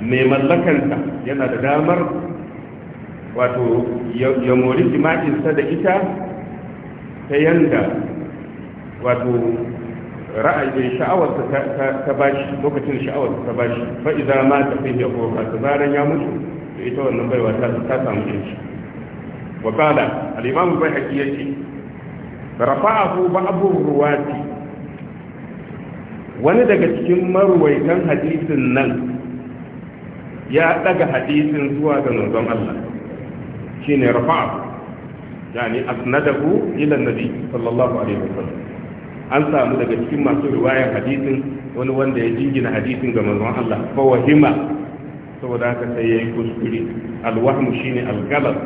mai mallakanta yana da damar wato ya mori sa da ita ta yanda wato ra'ayin sha'awar ta bashi lokacin sha'awar ta bashi fa idza ma ta fi ya ko ka zaran ya mutu to ita wannan baiwa ta ta samu shi wa qala al-imam bai yace rafa'ahu ba'd ruwati wani daga cikin marwaitan hadisin nan ya daga hadisin zuwa ga manzon Allah shine rafa'a yani asnadahu ila nabi sallallahu alaihi wasallam an samu daga cikin masu riwayar hadisin wani wanda ya jingina hadisin ga manzon Allah fa wahima saboda haka sai yayi kuskure alwahmu shine algalab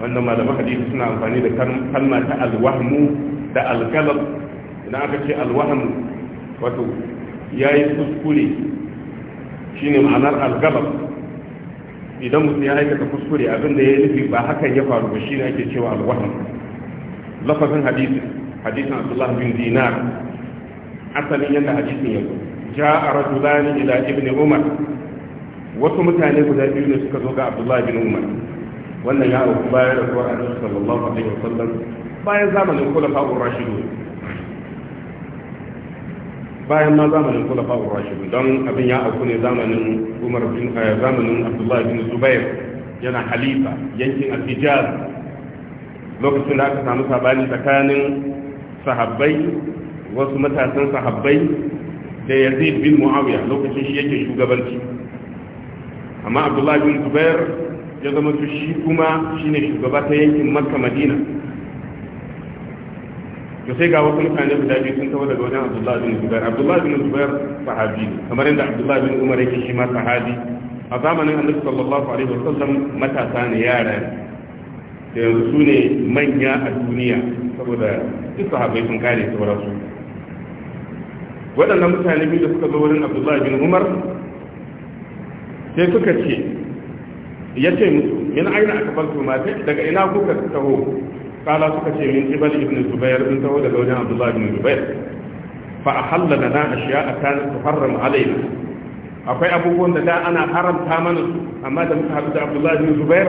wannan malaman hadisi suna amfani da kalma ta alwahmu da algalab idan aka ce alwahmu wato ya yi kuskure shi ne ma'anar algalab idan mutum ya aikata kuskure abinda ya yi nufi ba hakan ya faru ba shi ne ake cewa alwahan Lafafin hadisin hadisin abdullahi bin dinar asalin yadda hadisin ya zo Ja a rajulani ila ibn umar wasu mutane guda biyu ne suka zo ga abdullahi bin umar wannan ya auku bayan da zuwa annabi sallallahu alaihi wasallam bayan zamanin khulafa ar-rashidun bayan ma zamanin kulafa urashin don abin ya auku ne zamanin umar bin eh, zamanin abdullahi bin zubair yana halifa yankin al-hijaz lokacin da aka samu sabani tsakanin sahabbai wasu matasan sahabbai da yazid bin muawiya lokacin shi yake shugabanci amma abdullahi bin zubair ya zama shi kuma shine shugaba ta yankin makka madina to sai ga wasu mutane guda biyu sun kawo daga wajen abdullahi bin zubair abdullahi bin zubair sahabi ne kamar yadda abdullahi bin umar yake shi ma sahabi a zamanin annabi sallallahu alaihi wasallam matasa ne yara da yanzu su ne manya a duniya saboda duk sahabbai sun kare sauransu waɗannan mutane biyu da suka zo wurin abdullahi bin umar sai suka ce ya ce musu yana aina aka bar su mata daga ina kuka taho kala suka ce min jibal ibn zubair in taho daga wajen abdullahi ibn zubair fa ahalla lana ashiya'a kanat tuharram alaina akwai abubuwan da da ana haramta mana amma da muka haɗu da abdullahi ibn zubair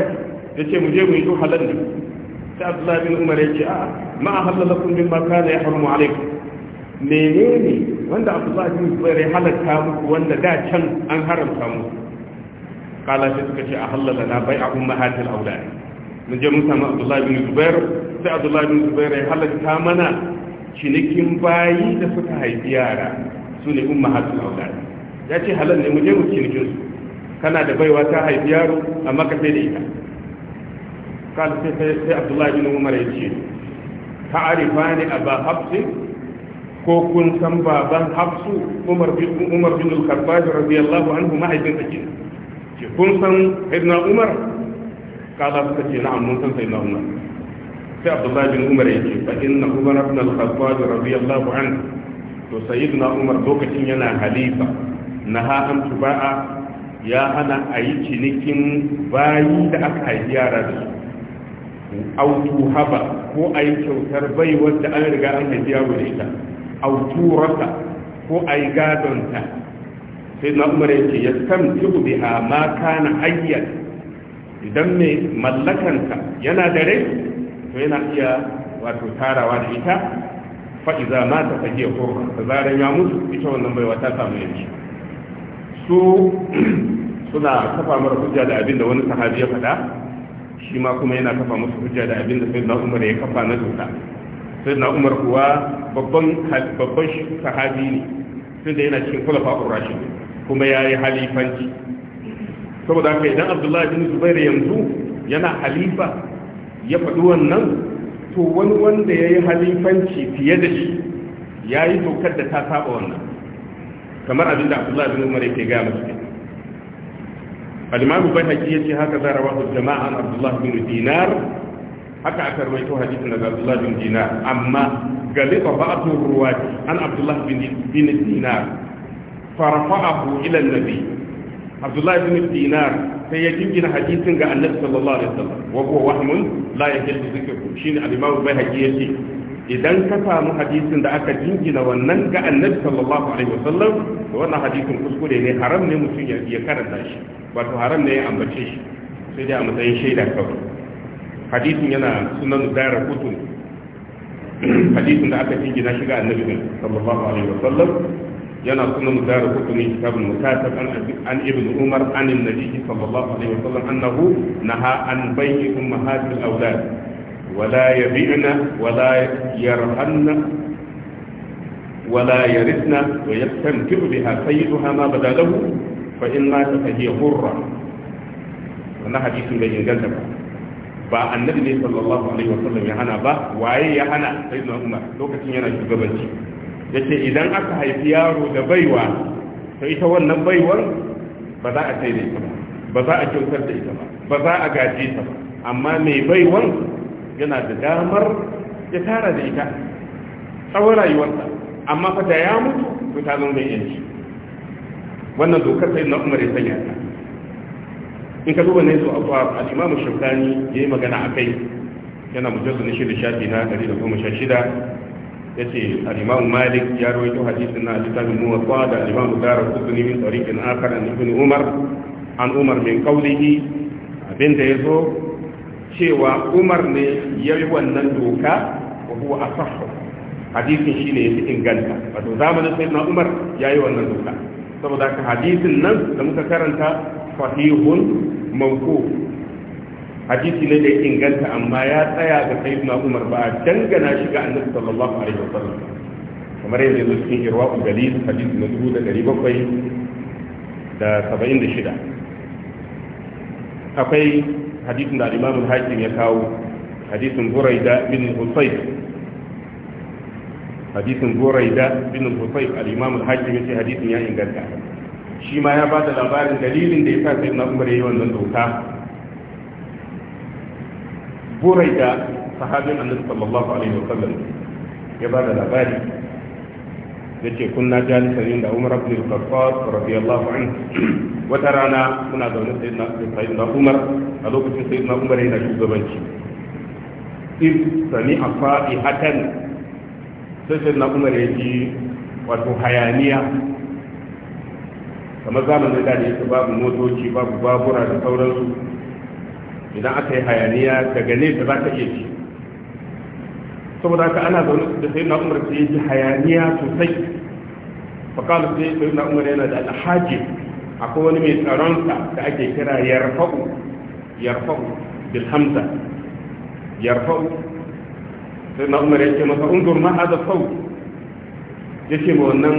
yace mu je mu yi to halal ne sai abdullahi ibn umar yace a ma ahalla lakum mimma kana yahrumu alaikum menene wanda abdullahi ibn zubair ya halatta muku wanda da can an haramta muku kala sai suka ce ahalla lana bai'a ummahatil aulad mun je mun samu abdullahi bin zubair sai abdullahi bin zubair ya halatta mana cinikin bayi da suka haifi yara su ne umma hasul aulad ya ce halal ne mu je mu cinikin su kana da baiwa ta haifi yaro amma ka sai da ita قال sai abdullahi bin umar ya ce arifa ne a ba hafsin ko kun san baban hafsu umar bin umar bin al-khattab radiyallahu anhu mahaifin sa ce kun san ibn umar kala suka ce na'am mun san sai na umar sai abdullahi bin umar yake fa inna umar ibn al-khattab radiyallahu anhu to sayyidina umar lokacin yana halifa ha an tuba'a ya hana a yi cinikin bayi da aka haifi yara da su autu haba ko a yi kyautar bai wadda an riga an haifi yaro da ita autu rasa ko a yi gadonta sai na umar ya ce ya samtu biha ma kana hayyan idan mai mallakanka yana da rai to yana iya wato tarawa da ita fa'iza ma ta fage ko ta zaran ya mutu ita wannan baiwa ta samu yanci su suna kafa mara hujja da abin da wani sahabi ya faɗa shi ma kuma yana kafa musu hujja da abin da na umar ya kafa na doka na umar kuwa babban babban sahabi ne tunda yana cikin kulafa urashin kuma ya yi halifanci saboda haka idan abdullahi bin zubair yanzu yana halifa ya faɗi wannan to wani wanda ya yi halifanci fiye da shi ya yi dokar da ta saba wannan kamar abin da abdullahi bin umar yake gaya masu al-imam ya ce haka zara wa jama'an Abdullahi bin dinar haka aka rawaito hadisin daga abdullahi bin dinar amma gali galiba ba'du ruwati an Abdullahi bin bin dinar farfa'ahu ila an-nabi abdullahi bin dinar sai ya jingina hadisin ga annabi sallallahu alaihi wasallam wa huwa wahmun la yahillu dhikru shine al-imam bayhaqi yace idan ka samu hadisin da aka jingina wannan ga annabi sallallahu alaihi wasallam wannan hadisin kuskure ne haram ne mutum ya karanta shi wato haram ne ya ambace shi sai dai a matsayin shaida kawai hadisin yana sunan dara kutun hadisin da aka jingina shi ga annabi sallallahu alaihi wasallam yana sunan mudara hukumi kitabul mukatab an an ibn umar an annabi sallallahu alaihi wasallam annahu naha an bayyi ummahatil awlad wala yabi'na wala yarhanna ولا يرثن ويستمتع بها سيدها ما بدا له فإن مات فهي hurra. wannan hadisin bai inganta ba ba annabi ne sallallahu alaihi wasallam ya hana ba waye ya hana sayyidina umar lokacin yana shugabanci yace idan aka haifi yaro da baiwa to ita wannan baiwar ba za a sai da ita ba ba za a kyautar da ita ba ba za a gaje ta ba amma mai baiwan yana da damar ya tara da ita tsawon rayuwarsa amma fata ya mutu to ta zama mai yanci wannan dokar sai na umar ya sanya ta in ka duba ne su a al'imamu shirkani ya yi magana a kai yana mujallar na shirin shafi na 116 yace al-imam malik ya rawaito hadisin na kitabul muwatta da al-imam darqutni min al akhar an ibn umar an umar min qawlihi abinda yazo cewa umar ne ya yi wannan doka wa huwa asah hadisin shine yafi inganta wato zamanin na umar ya yi wannan doka saboda ka hadisin nan da muka karanta fahihun mawqu hadisi ne da ya inganta amma ya tsaya ga sai na umar ba a dangana shi ga annabi sallallahu alaihi wasallam kamar yadda yanzu cikin irwa'u galil hadisi na dubu da ɗari bakwai da saba'in da shida akwai hadisin da alimamun hakim ya kawo hadisin buraida bin husayn hadisin buraida bin husayn alimamun hakim ya ce hadisin ya inganta shi ma ya ba da labarin dalilin da ya sa sai na umar ya yi wannan doka da sahabin annabi sallallahu alaihi wa sallam ya bada labari yace kunna jalisan inda Umar ibn al-Khattab radiyallahu anhu wata rana muna zaune sai na Umar a lokacin na Umar yana shugabanci in sami afa'i hatan sai Na Umar ya ji wato hayaniya kamar zamanin da ne babu motoci babu babura da sauransu idan aka yi hayaniya daga nesa za ka iya ji saboda haka ana zaune da sayyidina umar sai ji hayaniya sosai fakalu sai sayyidina umar yana da alhaji akwai wani mai tsaronsa da ake kira yarfa'u yarfa'u bil hamza yarfa'u sayyidina umar ya ce masa unzur ma hada sau ya ce ma wannan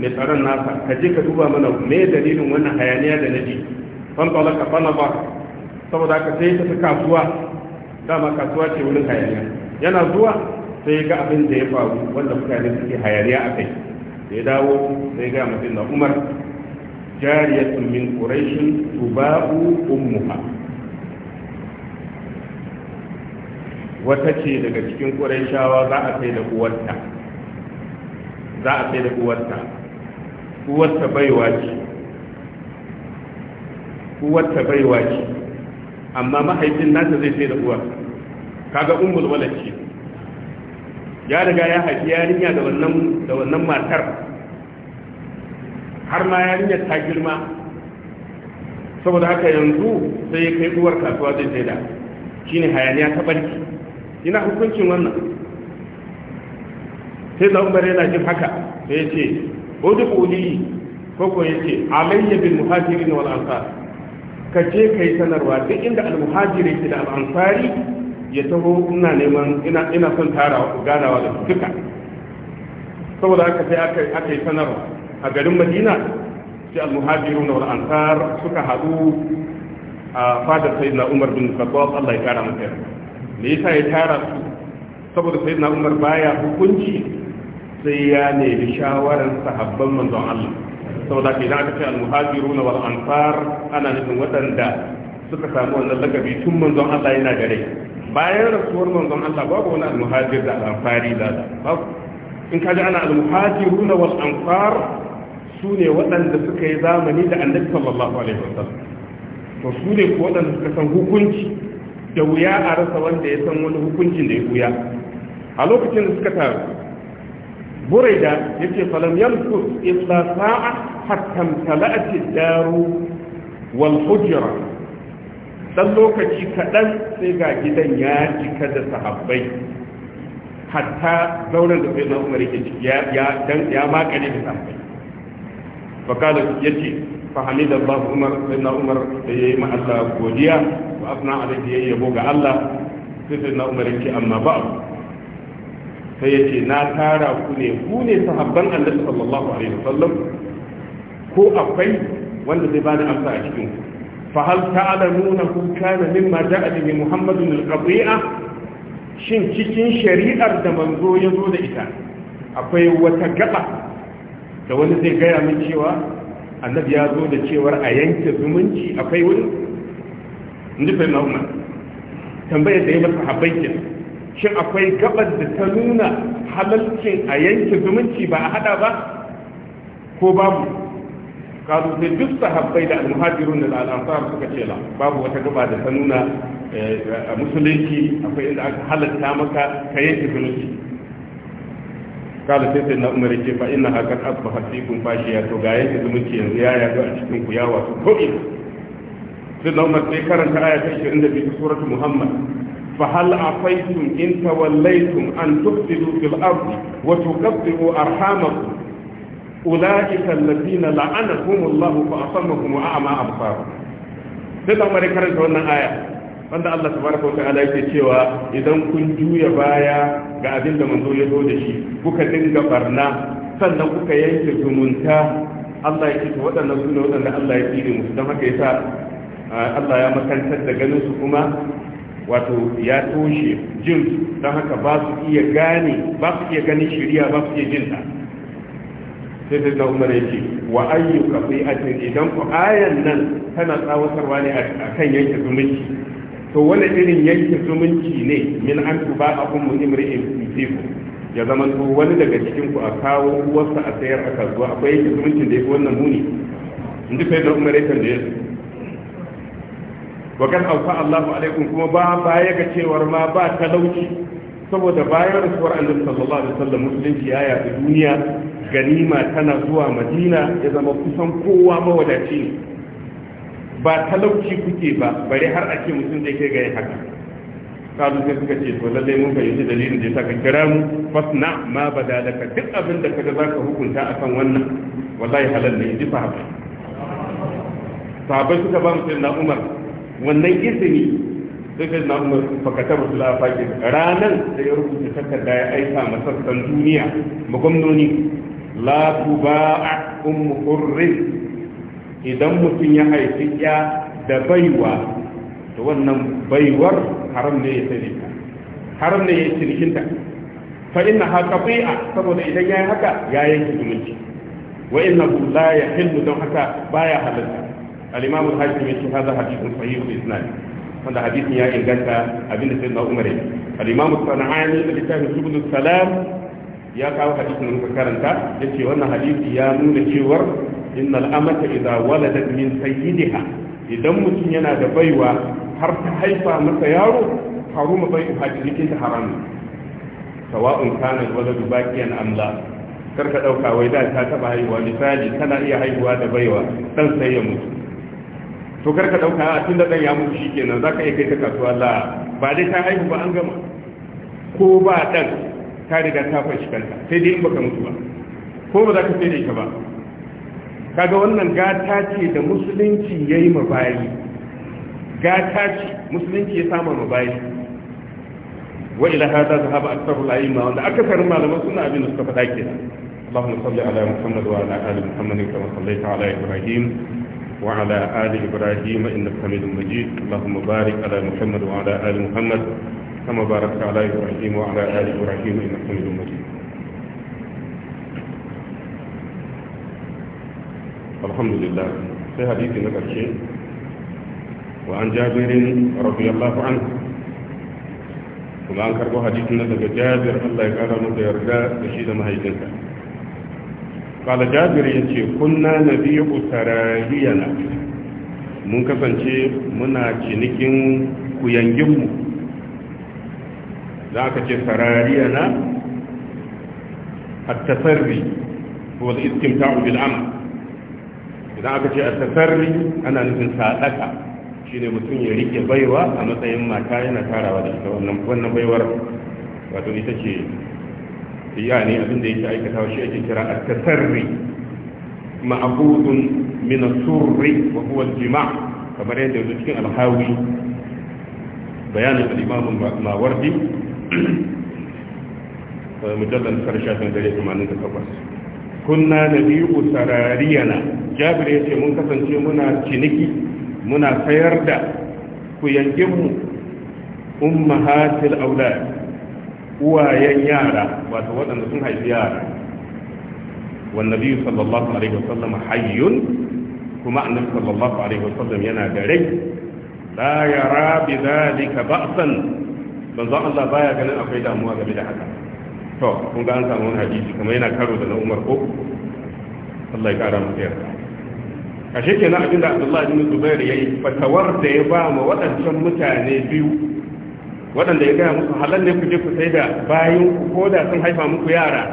mai tsaron nasa ka je ka duba mana me dalilin wannan hayaniya da na ji fan talaka fa na ba saboda haka sai ta kasuwa dama kasuwa ce wurin hayaniya yana zuwa sai ga abin da ya faru wanda mutane suke hayaniya a kai da ya dawo sai ga mutum na umar jariyatun min quraishin tuba'u ummuha wata ce daga cikin ƙurashawa za a kai da uwarta za a kai da uwarta uwarta baiwa ce uwarta baiwa ce amma mahaifin nata zai sai da uwa kaga ummul walad ce ya riga ya haifi yarinya da wannan da wannan matar har ma yarinyar ta girma saboda haka yanzu sai ya kai uwar kasuwa zai sai da shine hayaniya ta barki ina hukuncin wannan sai da umar yana jin haka sai ya ce duk uli ko ko yace alayya bil muhajirin wal ansar ka je ka yi sanarwa duk inda almuhajiri ke da al'ansari ya taho ina neman ina son tarawa ganawa da duka saboda haka sai aka yi sanarwa a garin madina sai almuhajiru na wal ansar suka haɗu a fadar sayyidina umar bin khattab Allah ya kara masa me yasa ya tara su saboda sayyidina umar baya hukunci sai ya nemi shawaran sahabban manzon Allah saboda ke da aka ce al-muhajiruna wal ansar ana nufin waɗanda suka samu wannan lakabi tun manzon Allah yana da rai bayan rasuwar manzon Allah babu wani al-muhajir da al-ansari da babu in kaje ana al-muhajiruna wal ansar su ne waɗanda suka yi zamani da annabi sallallahu alaihi wasallam to su ne waɗanda suka san hukunci da wuya a rasa wanda ya san wani hukuncin da ya wuya a lokacin da suka taru buraida yace falam yalkus isla sa'a hatta tala'at daru wal hujra dan lokaci kaɗan sai ga gidan ya cika da sahabbai hatta zauren da sai na umar yake ciki ya dan da sahabbai fa kana yace fa hamida Allah Umar sai na Umar sai yayi ma Allah godiya wa yabo ga Allah sai sai na Umar amma ba'a, sai yace na tara ku ne ku ne sahabban Annabi sallallahu alaihi wasallam ko akwai wanda zai bani amsa a cikin fa hal ta'lamuna kun kana mimma ja'a bi muhammadin al qadia shin cikin shari'ar da manzo ya zo da ita akwai wata gaba da wani zai gaya min cewa annabi ya zo da cewar a yanke zumunci akwai wani inda fai ma'umma tambayar da ya masa habaikin shin akwai gabar da ta nuna halalcin a yanke zumunci ba a hada ba ko babu kalu sai duk sahabbai da almuhajirun da al'ansar suka ce la babu wata gaba da ta nuna musulunci akwai inda aka halatta maka ka yanke zunubi kalu sai sai na umar ce fa inna hakan asbaha fikum fashiya to ga yanke zumunci yanzu ya yazo a cikin ku ya wasu ko ina sai na umar sai karanta aya ta 22 ta suratu muhammad فهل عصيتم إن توليتم أن تفسدوا في الأرض وتقطعوا أرحامكم ulaika allazina la'anahumullahu fa asammahum wa a'ma absarahum sai da mare karanta wannan aya wanda Allah tabaraka wa ta'ala yake cewa idan kun juya baya ga abin da manzo ya zo da shi kuka dinga barna sannan kuka yanke zumunta Allah ya ce waɗannan su waɗanda Allah ya tsire musu don haka yasa Allah ya makantar da ganin su kuma wato ya toshe jin don haka ba su iya gane ba su iya ganin shiriya ba su iya jin ta sai sai na umar yake wa ayyuka fi ajin idan ku ayan nan tana tsawatarwa ne a kan yanke zumunci to wani irin yanke zumunci ne min an tuba a ummu imri'in fiku ya zama to wani daga cikin ku a kawo wasu a sayar a kasuwa akwai yanke zumuncin da yake wannan muni in ji sai na umar yake da yake wa kan aufa Allahu alaikum kuma ba baya ga cewar ma ba talauci saboda bayan rasuwar annabi sallallahu alaihi wasallam musulunci ya yafi duniya ganima tana zuwa madina ya zama kusan kowa mawadaci ne ba talauci kuke ba bari har ake mutum zai kai ga haka kazu sai suka ce to lallai mun fahimci dalilin da ya saka kira mu fasna ma bada daga duk abin da kaga zaka hukunta akan wannan wallahi halal ne ji fahimta. sahabbai suka ba mu na umar wannan izini sai sai na umar fakatar rasul afaki ranan da ya rubuta takarda ya aika masassan duniya ma gwamnoni la tuba'a ummu hurrin idan mutum ya haifi ya da baiwa da wannan baiwar haram ne ya sani ta haram ne ya cinikin ta fa inna ha qati'a saboda idan yi haka ya yanke zumunci wa innahu la yahillu don haka baya halatta al-imam al-hakim yace hadha hadithun sahih al-isnad wanda hadisin ya inganta abinda sai na umar al-imam sana'ani da littafin subul salam ya kawo hadisin da muka karanta yace wannan hadisi ya nuna cewar innal amata idza waladat min sayyidiha idan mutum yana da baiwa har ta haifa masa yaro haruma bai hadisin ta haram sawa'un kana waladu baqiyan am la kar ka dauka wai da ta taba haihuwa misali kana iya haihuwa da baiwa dan sai ya mutu to kar ka dauka a tun da dan ya mutu shikenan zaka iya kai ta kasuwa la ba dai ta haihu ba an gama ko ba dan ka riga ta fashi kanta sai dai in baka mutu ba ko ba za ka sai da ita ba kaga wannan gata ce da musulunci ya yi mabayi gata ce musulunci ya samu mabayi wa ila hada za haɓa aksarul ayyuma wanda aka karin malaman suna abin da suka faɗa ke اللهم صل على محمد وعلى آل محمد كما صليت على إبراهيم وعلى آل إبراهيم إنك حميد مجيد اللهم بارك على محمد وعلى آل محمد كما باركت على إبراهيم وعلى آل إبراهيم إن حميد مجيد الحمد لله في حديث شيء وعن جابر رضي الله عنه kuma an karbo hadisin na daga jabir Allah ya kara masa yarda da shi da mahaifinsa kala jabir ya ce kunna na biyu usarariyana mun kasance muna cinikin kuyanginmu za ka ce sarariya na attasarri wal istimta'u bil amal idan aka ce attasarri ana nufin sadaka shi ne mutum ya rike baiwa a matsayin mata yana tarawa da ita wannan baiwar wato ita ce iya ne abin da yake aikatawa shi ake kira attasarri ma'budun min as-surri wa huwa jima'a kamar yadda yake cikin alhawi hawi bayanin al-imam al mujallar karshen gare 88 kunna na biyu sarariyana jabir ya ce mun kasance muna ciniki muna sayar da ku kuyankinmu umma hatil aula uwayen yara wato waɗanda sun haifi yara wanda biyu sallallahu alaihi wasallam hayyun kuma annabi sallallahu alaihi wasallam yana da rai la yara bi zalika ba'san manzon Allah baya ganin akwai damuwa game da haka to kun ga an samu wani hadisi kuma yana karo da na Umar ko Allah ya kara masa a shekenan abin da Abdullahi bin Zubair yayi fatawar da ya ba ma waɗancan mutane biyu waɗanda ya gaya musu halal ne ku je ku sai da bayan ku ko da sun haifa muku yara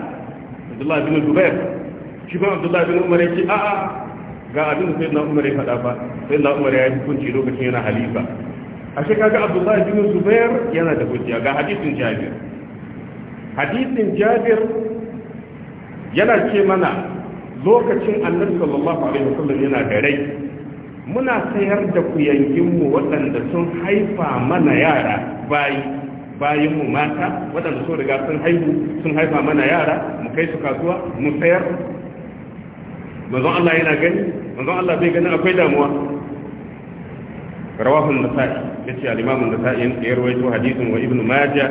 Abdullahi bin Zubair shi ba Abdullahi bin Umar yake a'a ga abin da sai na Umar ya faɗa ba sai na Umar ya yi hukunci lokacin yana halifa a kaga abdullahi bin zubair yana da hujja ga hadisin jabir hadisin jabir yana ce mana lokacin annabi sallallahu alaihi wasallam yana da rai muna sayar da mu waɗanda sun haifa mana yara bayi bayan mu mata waɗanda sun riga sun haihu sun haifa mana yara mu kai su kasuwa mu sayar manzon Allah yana gani manzon Allah bai gani akwai damuwa رواه النسائي يتي الإمام النسائي يروي حديث وابن ماجه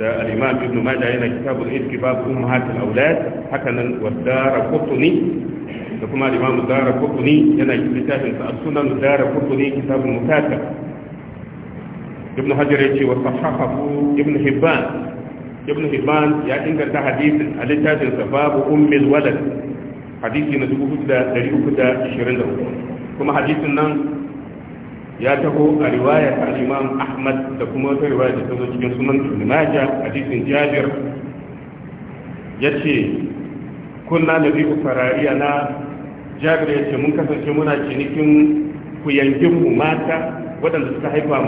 ده الإمام ابن ماجه هنا كتاب الإذ كتاب أمهات الأولاد حكنا والدار قطني لكما الإمام الدار قطني هنا كتاب السنن الدار قطني كتاب المكاتب ابن حجر يتي وصححه ابن حبان ابن حبان يا إنك حديث الإتاج باب أم الولد حديثي ندوه كده دريو كده شرنده كما حديث نان ya taho a riwaya ta imam ahmad da kuma wata riwaya da ta zo cikin sunan ibn majah hadisin jabir yace kunna nabi farariya na jabir ce mun kasance muna cinikin kuyangin mu mata waɗanda suka haifa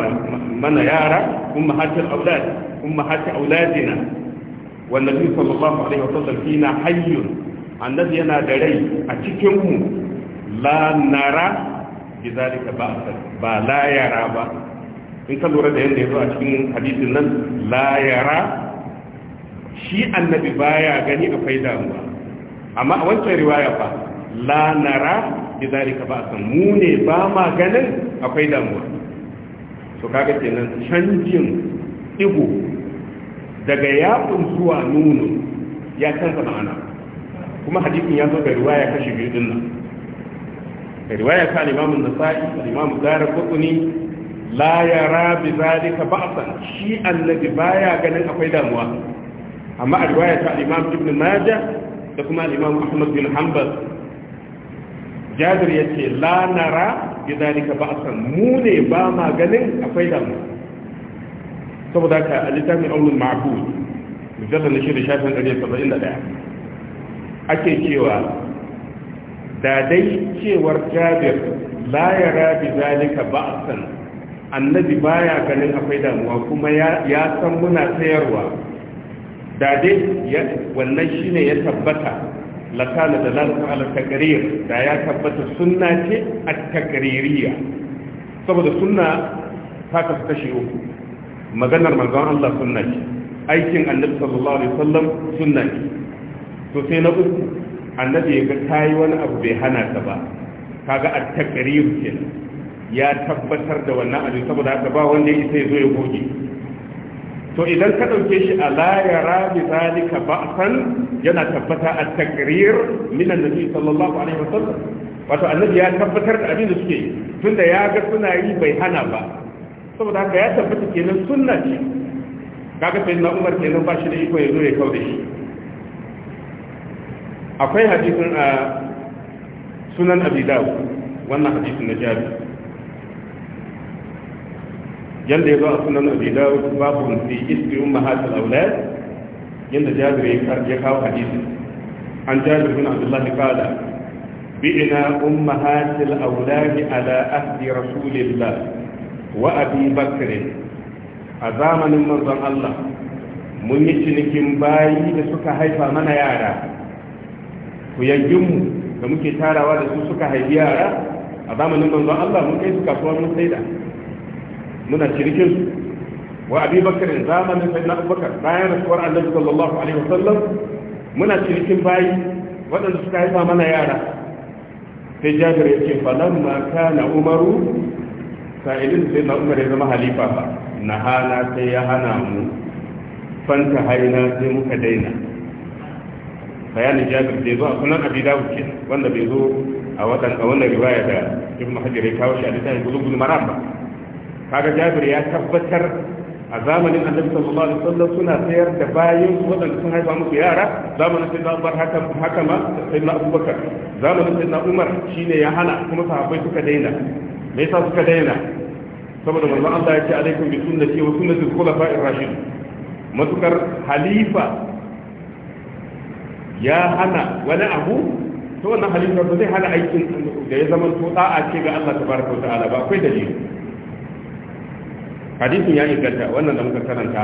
mana yara umma hatil aulad umma hatil auladina wanda nabi sallallahu alaihi wasallam fina hayyun annabi yana da rai a cikin mu la nara bi zalika ba ba la yara ba in ka lura da yadda yazo a cikin hadisin nan la yara shi annabi baya gani akwai damuwa amma a wancan riwaya fa la nara bi zalika ba san mu ne ba ma ganin akwai damuwa to kaga kenan canjin digo daga yatsun zuwa nunu ya canza ma'ana kuma hadisin ya zo da riwaya kashi biyu din nan riwaya ta Imam An-Nasa'i Imam Darqutni la yara bi zalika shi annabi baya ganin akwai damuwa amma a ta Imam Ibn Majah da kuma Imam Ahmad bin Hanbal Jabir yace la nara bi zalika ba'san mu ne ba ma ganin akwai damuwa saboda ka al-litami aulul ma'bud shafin ake cewa da dai cewar jabir la ya rabi zalika ba'san annabi baya ganin akwai damuwa kuma ya san muna sayarwa da dai wannan shine ya tabbata lakana da lalata ala takrir da ya tabbata sunna ce at takririya saboda sunna ta kasu kashi uku maganar manzon Allah sunna ce aikin annabi sallallahu alaihi wasallam sunna ce to sai na uku annabi ya ga ta yi wani abu bai hana ta ba kaga a taqrir kenan ya tabbatar da wannan abu saboda haka ba wanda ya isa ya zo ya goge to idan ka dauke shi a la rabi zalika ba'san yana tabbata a taqrir min annabi sallallahu alaihi wasallam wato annabi ya tabbatar da abin da suke tunda ya ga suna yi bai hana ba saboda haka ya tabbata kenan sunna ce kaga sai na umar kenan ba shi da iko ya zo ya kauda shi akwai hadisin a sunan abidawu wannan hadisin na jari yadda ya zo a sunan abidawu babu fi iskri umma hasil aulad yadda jabir ya kawo hadisin an jabir bin abdullahi qala bi'na ummahatil aulad ala ahdi rasulillah wa abi a zamanin manzon Allah mun yi cinikin bayi da suka haifa mana yara kuyayyunmu da muke tarawa da su suka haifi yara a zamanin manzon Allah mun kai su kasuwa mun saida muna cinikin su wa abi bakar zamanin sai na abubakar bayan rasuwar annabi sallallahu alaihi wasallam muna cinikin bayi waɗanda suka haifa mana yara sai jabir ya ce falan ma kana umaru sa'idin sai na umar ya zama halifa fa nahana sai ya hana mu fanta haina sai muka daina bayanin jabir bai zo a kunan abi dawud ke wanda bai zo a wannan riwaya da ibnu hajar ya kawo shi a littafin gulugul maram ba kaga jabir ya tabbatar a zamanin annabi sallallahu alaihi wasallam suna sayar da bayan su wadanda sun haifa musu yara zamanin sai na umar haka haka ma sai na abubakar zamanin sai na umar shine ya hana kuma sahabbai suka daina me yasa suka daina saboda manzon Allah ya ce alaikum bi sunnati wa sunnati al ar rashidin matukar halifa ya hana wani abu to wannan halitta ba zai hana aikin da ya zama to da'a ce ga Allah baraka wa ala ba akwai dalili hadisi ya inganta wannan da muka karanta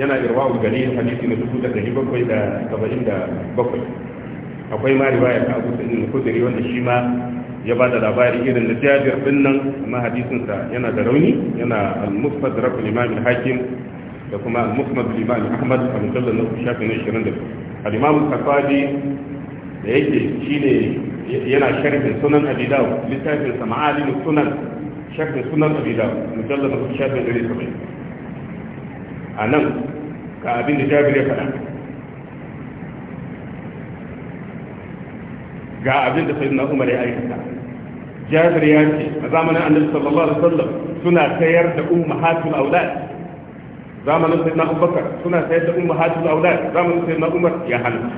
yana wa dalil hadisi na dubu da dari bakwai da saba'in da bakwai akwai ma riwaya ta abu sa'in ko khudri wanda shi ma ya ba da labari irin da jabir din nan amma hadisin sa yana da rauni yana al-mustadrak al-imam al-hakim da kuma al-musnad imam ahmad a mujallal na 22 al-imam kasadi da yake shine yana sharhin sunan abi littafin sa ma'alim sunan sharhin sunan abi dawud mujallad na shafin a nan ka abin da jabir ya faɗa ga abin da na umar ya aikata jabir ya ce a zamanin annabi sallallahu alaihi wasallam suna tayar da ummahatul aulad zamanin sai na abubakar suna sayar da Umar umma hajjul aulad zamanin sai na umar ya hana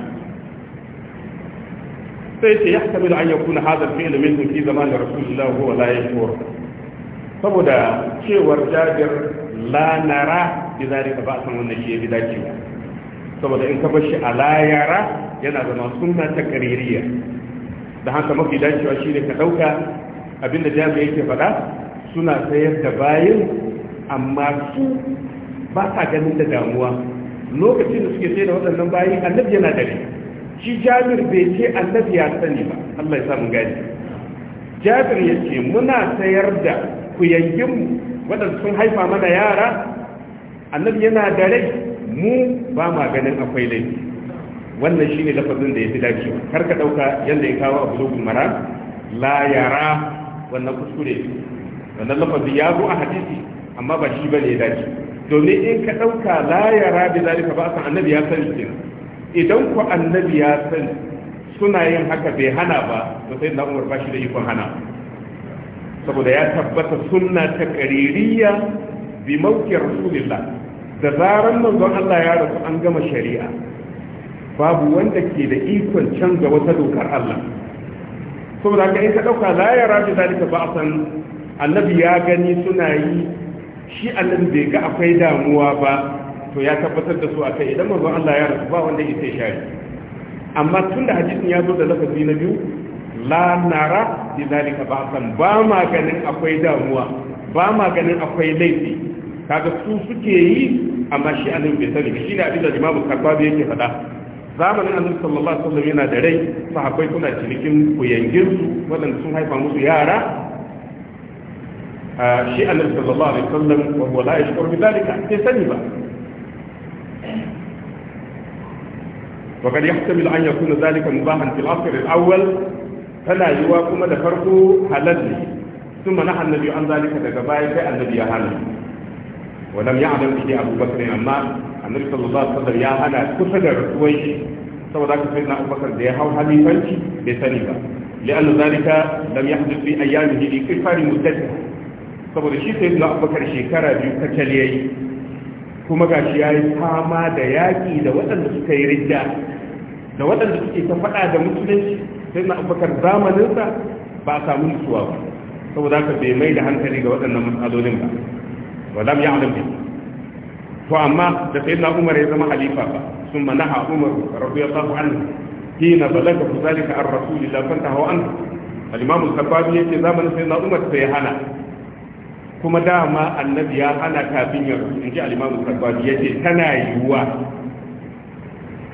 sai ce ya kamar an yakuna hadal fi'l minhum fi zaman rasulullah huwa la yashur saboda cewar jabir lanara nara bi zalika ba san wannan shi ya bi dacewa saboda in ka bashi a layara yana zama suna ta kaririya da haka mafi dacewa shine ka dauka abinda jabir yake faɗa suna sayar da bayin amma su ba sa ganin da damuwa lokacin da suke da waɗannan bayi annabi yana dare shi jabir bai ce annabi ya sani ba Allah ya samu gani jabir ya ce muna sayar da kuyayyinmu waɗanda sun haifa mana yara annabi yana dare mu ba ma ganin akwai laifi wannan shine lafazin da ya fi dace kar ka ɗauka yadda ya kawo abu zogun mara la yara wannan kuskure wannan lafazin ya zo a hadisi amma ba shi ne ya dace domin in ka ɗauka la bi zalika ba san annabi ya sani kenan idan ku annabi ya sani suna yin haka bai hana ba to sai na umar ba shi da ikon hana saboda ya tabbata sunna ta kaririya bi mawqi rasulillah da zaran manzon Allah ya rasu an gama shari'a babu wanda ke da ikon canza wata dokar Allah saboda haka in ka ɗauka la bi zalika ba san annabi ya gani suna yi shi allan bai ga akwai damuwa ba to ya tabbatar da su a kai idan mazan Allah ya rasu ba wanda yake shari amma tun da hadisin ya zo da lafazi na biyu lanara nara bi zalika san ba ma ganin akwai damuwa ba ma ganin akwai laifi kaga su suke yi amma shi allan bai sani shi ne abin da imamu yake faɗa zamanin annabi sallallahu alaihi wasallam yana da rai sahabbai suna cinikin kuyangin su waɗanda sun haifa musu yara آه، النبي صلى الله عليه وسلم وهو لا يشكر بذلك حتى سلم وقد يحتمل ان يكون ذلك مباحا في العصر الاول فلا يواكم ذكرت حللني ثم نحى النبي عن ذلك كبائك الذي يهانه ولم يعلم به ابو بكر اما النبي صلى الله عليه وسلم يا هلا كفدر كويس سوى ذلك سيدنا ابو بكر ديهاو هذه فانشي لان ذلك لم يحدث في ايامه في مدته saboda shi sai na abubakar shekara biyu kacal ya yi kuma ga shi ya yi fama da yaƙi da waɗanda suka yi ridda da waɗanda suke ta faɗa da musulunci sai na abubakar zamaninsa ba a samu nutsuwa ba saboda haka bai mai da hankali ga waɗannan matsalolin ba Ba za mu ya alam to amma da sai na umar ya zama halifa ba sun manaha umar ya radiyallahu anhu hina balaga zalika ar rasulillah fanta hawa an al-imam al-kabbabi yace zamanin sai na umar sai ya hana kuma dama annabi ya hana kafin ya rufu in ji alimamu sarfadi yace tana yiwa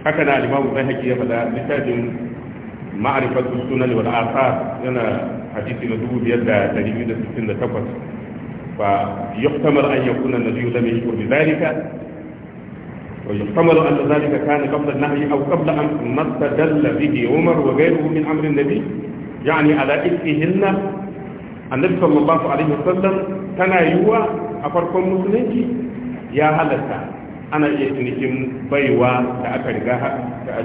haka na alimamu bai haki ya fada littafin ma'arifar sunan wal asar yana hadisi na dubu biyar da dari da sittin da takwas fa yuhtamal an yakuna nabiyyu lam yakun bi dhalika ويحتمل أن ذلك كان قبل النهي أو قبل أن ما استدل به عمر وغيره من أمر النبي يعني على إثمهن النبي صلى الله عليه وسلم tana yiwuwa a farkon musulunci ya halatta ana iya cinikin baiwa da aka riga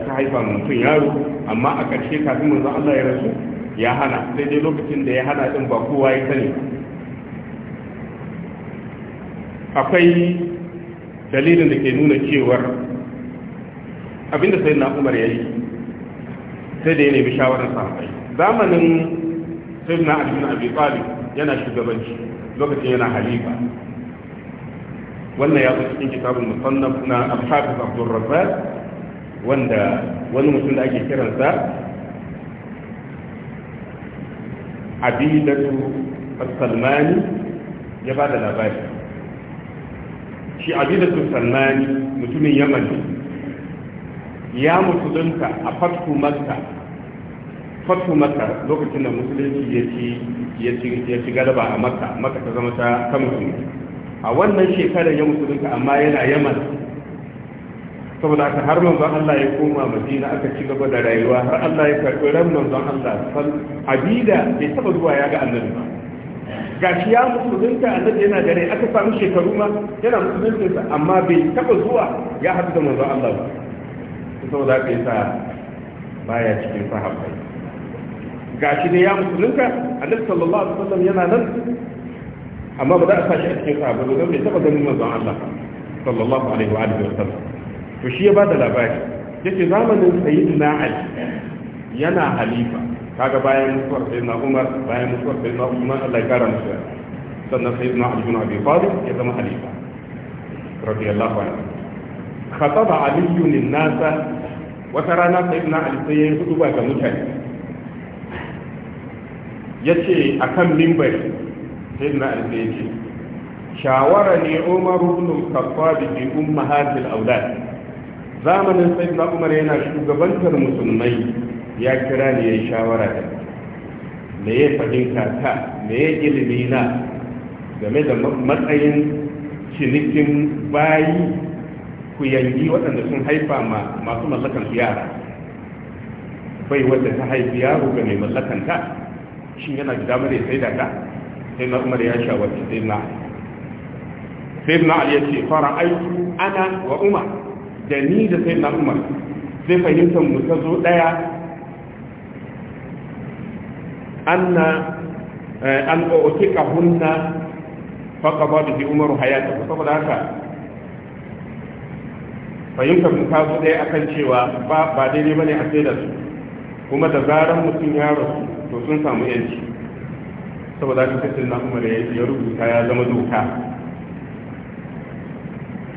ta haifa mutum yaro amma a ƙarshe kafin manzon Allah ya rasu ya hana sai dai lokacin da ya hana din ba kowa ya sani akwai dalilin da ke nuna cewar abinda sai na umar ya yi sai da ya nemi shawarar sahabbai zamanin sai na abin abi yana shugabanci lokacin yana halifa wannan ya zo cikin kitabun musannaf na al-hafiz Abdul Razzaq wanda wani mutum da ake kiransa Abidatu Salmani ya ba da labari shi Abidatu Salmani mutumin Yaman ne ya musulunta a fatku Makka fatu maka lokacin da musulunci ya ci ya ci galaba a maka maka ta zama ta ta musulunci a wannan shekarar ya musulunta amma yana yaman saboda aka har manzon Allah ya koma madina aka ci gaba da rayuwa har Allah ya karɓi ran manzon Allah san abida bai taba zuwa ya ga annabi ba gashi ya musulunta annabi yana da rai aka samu shekaru ma yana musulunta amma bai taba zuwa ya haɗu da manzon Allah ba saboda aka yi sa baya cikin sahabbai ga shi ne ya musulunka annabi sallallahu alaihi wasallam yana nan amma ba za a sashi a cikin sahabu ba don bai taba ganin manzon Allah sallallahu alaihi wa alihi wasallam to shi ya bada labari yace zamanin sayyidina Ali yana halifa kaga bayan mutuwar na Umar bayan mutuwar na Umar Allah ya kara musu sannan sayyidina Ali bin Abi Talib ya zama halifa radiyallahu anhu khataba Ali lin nasa wa tarana sayyidina Ali sai ya hudu ba ga mutane ya ce a kan mimbar sai na shawara ne umar ibn da bi ummahatil aulad zamanin na umar yana shugabantar musulmai ya kira ne yi shawara da me ya fahimta ta me ya ilimi na game da matsayin cinikin bayi ku yangi waɗanda sun haifa masu mallakan yara bai wadda ta haifi yaro ga mai mallakanta shin yana gida damar ya sai da ta sai na umar ya shawarci sai na sai na ali ya ce fara aiki ana wa umar da ni da sai na umar sai fahimtar mu ta zo daya anna eh, an ƙo'otika hunna faka ba da fi umaru hayata ku saboda haka fahimtar mu ta zo daya akan cewa ba daidai ne a sai da su kuma da zaran mutum ya rasu to sun samu yanci saboda shi sai na umar ya rubuta ya zama doka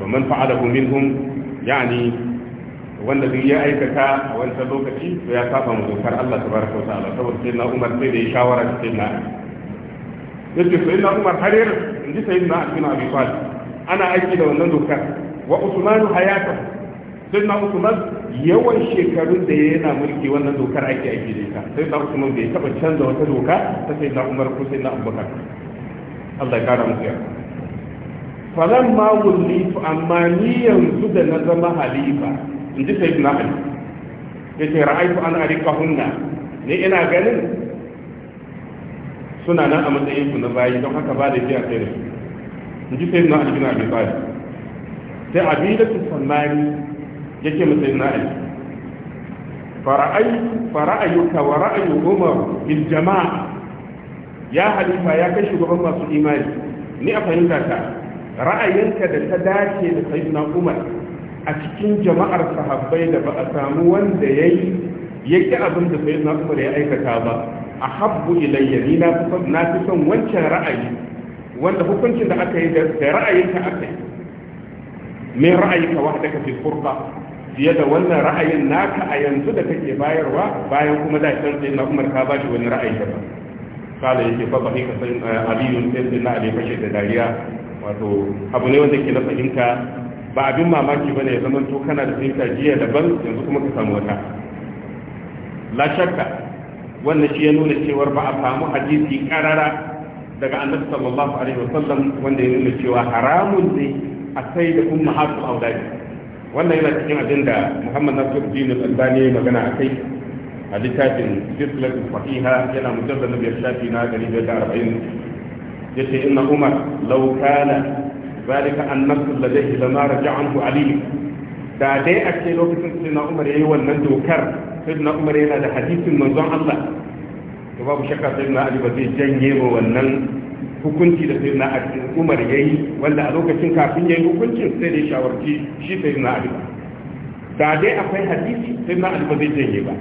to man fa'alahu minhum yani wanda duk ya aikata a wancan lokaci to ya saba mu dokar Allah tabaraka wa ta'ala saboda sai na umar sai da ya shawara da sai na yake sai na umar har yar inji sai na abin abi talib ana aiki da wannan dokar wa usmanu hayatahu sai na usman yawan shekarun da yana mulki wannan dokar ake aiki da ita sai na usman bai taba canza wata doka ta sai na umar ko sai na abubakar Allah ya kara musu yarda falan ma wullifu amma ni yanzu da na zama halifa in ji sai na ali ya ce ra'aitu an arika hunna ne ina ganin suna nan a matsayin su na bayi don haka ba da biya sai da su in ji sai na ali bin bai bayi sai abin da su tsamani yake musayin na ali fara'ayuka wa ra'ayu umar bil jama'a ya halifa ya kai shugaban masu imani ni a fahimta ka ra'ayinka da ta dace da sayyidina umar a cikin jama'ar sahabbai da ba a samu wanda ya yi yake abin da sayyidina umar ya aikata ba a habbu ilayya ni na fi son wancan ra'ayi wanda hukuncin da aka yi da ra'ayinka aka yi min ra'ayinka wahdaka fi furqa fiye da wannan ra'ayin naka a yanzu da kake bayarwa bayan kuma da can sai na umar ka ba shi wani ra'ayi daban kala yake fa bai ka san eh, Aliyu sai sai na ali fashe da dariya wato abu ne wanda ke na fahimta ba abin mamaki bane ya zama to kana da fahimta jiya daban yanzu kuma ka samu wata la shakka wannan shi ya nuna cewar ba a samu hadisi karara daga annabi sallallahu alaihi wasallam wanda ya nuna cewa haramun ne a sai da ummahatul auladi wannan yana cikin abin da muhammad nasir dinin albani magana a kai a littafin bislat fahiha yana mujallar na biyar shafi na gari biyar da arba'in ya ce inna umar lau kana zalika an nasu ladaihi mara raja ku ali da dai a ce lokacin sai na umar ya yi wannan dokar sai na umar yana da hadisin manzon allah to babu shakka sai na ali ba zai janye wa wannan hukunci da sayyidina Ali Umar ya yi wanda a lokacin kafin ya yi hukuncin sai da shawarci shi sayyidina Ali da dai akwai hadisi sai na ba zai janye ba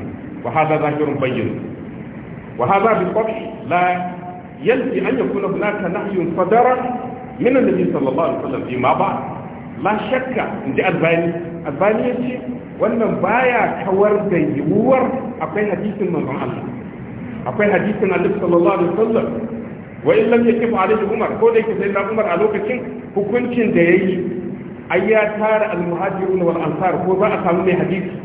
wa ki zahirun bayyin wa hada bi kwafi la an ya يلزم أن يكون هناك نهي صدرا من النبي صلى الله عليه وسلم ba la shakka شك إن الباني الباني يجي wannan baya kawar da yiwuwar akwai hadisin manzon Allah akwai hadisin Annabi sallallahu alaihi wasallam wa in lam yakif alayhi umar ko dai ke sai na umar a lokacin hukuncin da yayi ai ya tara al-muhajirun wal ansar ko ba a samu mai hadisi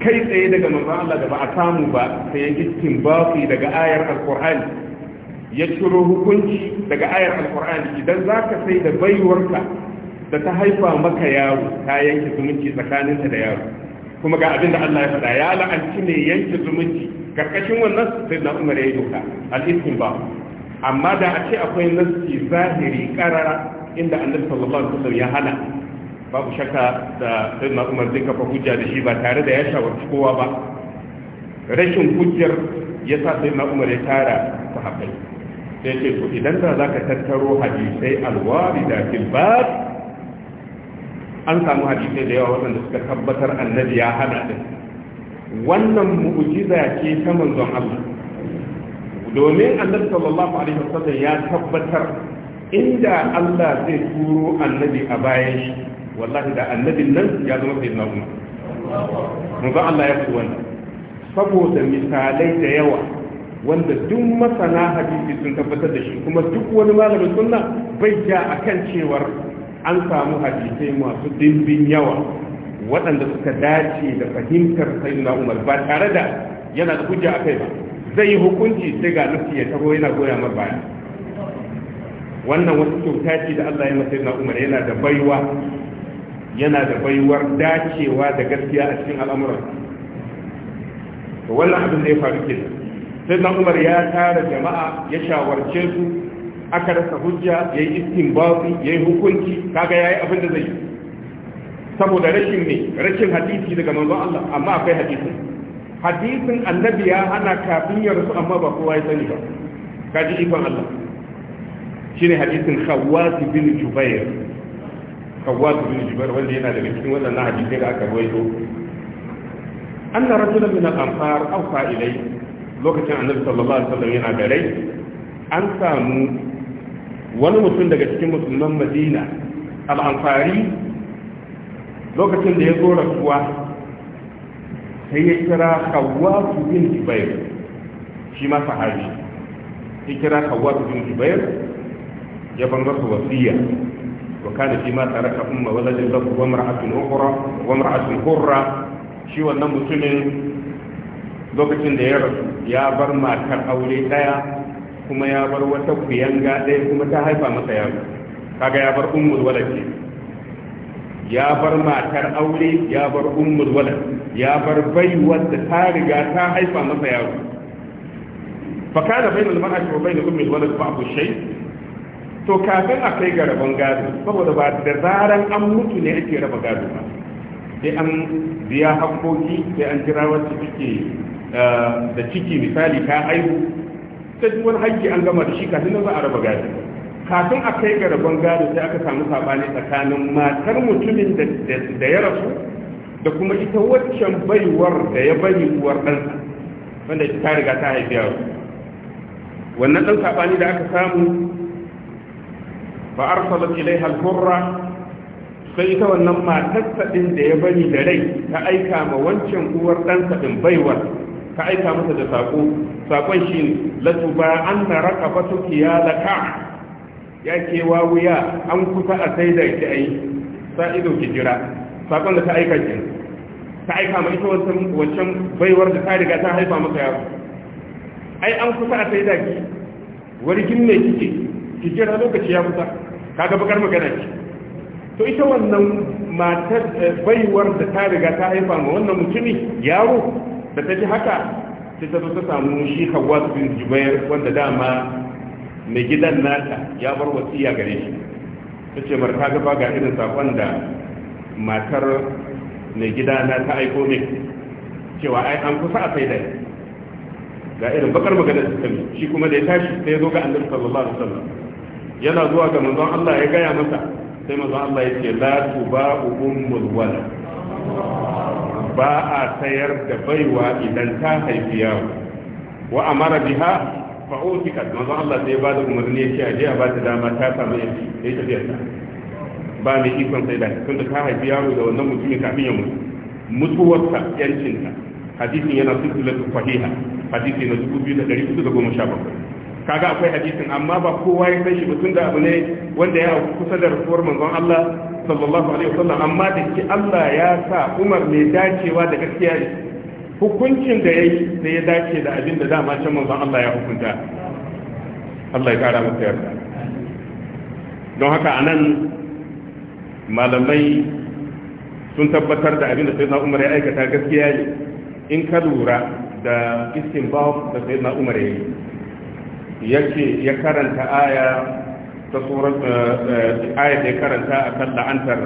kai tsaye daga manzon Allah da ba a samu ba sai ya bafi daga ayar alqur'ani ya ciro hukunci daga ayar alqur'ani idan zaka sai da baiwarka da ta haifa maka yaro ta yanke zumunci tsakaninta da yaro kuma ga abinda Allah ya faɗa ya la'anci ne yanke zumunci karkashin wannan sai na umar ya yi doka al-istinbafi amma da a ce akwai nassi zahiri karara inda annabi sallallahu alaihi wasallam ya hana babu shakka da sayyidina Umar zai kafa hujja da shi ba tare da ya shawarci kowa ba rashin hujjar ya sa sayyidina Umar ya tara sahabbai sai ce to idan da zaka tattaro hadisai alwarida da bab an samu hadisai da yawa waɗanda suka tabbatar annabi ya hana din wannan mu'jiza ce ta manzon Allah domin annabi sallallahu alaihi wasallam ya tabbatar inda Allah zai turo annabi a bayan shi wallahi da annabin nan ya zama sai na umar mun ga Allah ya ku wannan saboda misalai da yawa wanda duk masana hadisi sun tabbatar da shi kuma duk wani malamin sunna bai ja akan cewar an samu hadisai masu dimbin yawa waɗanda suka dace da fahimtar sayyidina umar ba tare da yana da hujja akai ba zai yi hukunci sai ga nufi ya taro yana goya ma baya wannan wasu kyauta ce da Allah ya masa na Umar yana da baiwa yana da baiwar dacewa da gaskiya a cikin al'amuran to wannan abin da ya faru ke sai na Umar ya tara jama'a ya shawarce su aka rasa hujja ya yi bafi ya yi hukunci kaga yi abin da zai yi saboda rashin ne rashin hadisi daga manzon Allah amma akwai hadisi hadisin annabi ya hana kafin ya rasu amma ba kowa ya sani ba kaji ikon Allah shine hadisin Khawwas bin Jubair Khawwas bin Jubair wanda yana daga cikin wannan hadisai da aka rawaito anna rajulan min al-ansar fa ilay lokacin annabi sallallahu alaihi wasallam yana gare an samu wani mutum daga cikin musulman Madina al-ansari lokacin da ya zo rasuwa sai ya kira hawatu bin jubair shi ma ta sahabi ya kira hawatu bin jubair ya bar masa wasiya wa kana shi ma tare taraka umma waladin lahu wa mar'atun ukhra wa mar'atun hurra shi wannan mutumin lokacin da ya rasu ya bar matar aure daya kuma ya bar wata kuyanga daya kuma ta haifa masa yaro kaga ya bar ummul walad ya bar matar aure ya bar ummul walad ya bar bai da ta riga ta haifa masa yaro fa kana al mar'ati wa bayin ummul walad ba'd shay to kafin a kai ga rabon gado saboda ba da zaran an mutu ne ake raba gado ba sai an biya hakkoki sai an jira wacce take eh, da ciki misali ta haihu sai wani hakki an gama da shi kafin nan za a raba gado kafin a kai ga rabon gado sai aka samu sabani tsakanin matar mutumin da ya rasu da kuma ita waccan baiwar da ya bari uwar ɗansa wanda ita ta riga ta haifi yaro wannan ɗan sabani da aka samu ba arsalat ilaiha al sai ita wannan matar saɗin da ya bari da rai ta aika ma wancan uwar ɗansa ɗin baiwar ka aika masa da saƙo saƙon shi ne latuba an na raka batu laka. ya ke wuya an kusa a sai da ki ai sa ido ki jira sakon da ta aika ki ta aika mai ita wancan wancan baiwar da ta riga ta haifa maka yaro ai an kusa a sai da ki kin ne kike ki jira lokaci ya kusa kaga bakar magana ki to ita wannan matar eh, baiwar da ta riga ta haifa ma wannan mutumi yaro da ta ji haka sai ta zo ta samu shi Hawwa bin Jubair wanda dama mai gidan nata ya bar wasiya gare shi ta ce ta gaba ga irin saƙon da matar mai gidana ta aiko min cewa ai an kusa a faidar ga irin bakar magana da suka shi kuma da ya tashi sai ya zo ga annabi sallallahu alaihi wasallam yana zuwa ga manzon Allah ya gaya masa sai manzon Allah ya ce la tuba'u ummul walad ba a sayar da baiwa idan ta haifi yawo wa amara biha fa'otika manzo Allah sai ya bada umarni ya ce a ba ta dama ta samu ya yi tafiyar ta ba mai ikon sai da tunda ka haifi yaro da wannan mutumin kafin ya mutu mutuwarsa yancinta hadisin yana silsilatu fahiha hadisi na 2417 kaga akwai hadisin amma ba kowa ya san shi ba tunda abu ne wanda ya kusa da rasuwar manzon Allah sallallahu alaihi wasallam amma da ke Allah ya sa Umar mai dacewa da gaskiya hukuncin da ya yi sai ya dace da abin da dama can manzon Allah ya hukunta Allah ya kara masa yarda don haka anan malamai sun tabbatar da abin da sai na umar ya aikata gaskiya ne in ka lura da istinbaf da sai na umar ya yi yake ya karanta aya ta tsoron eh, eh, aya da ya karanta a kan la'antar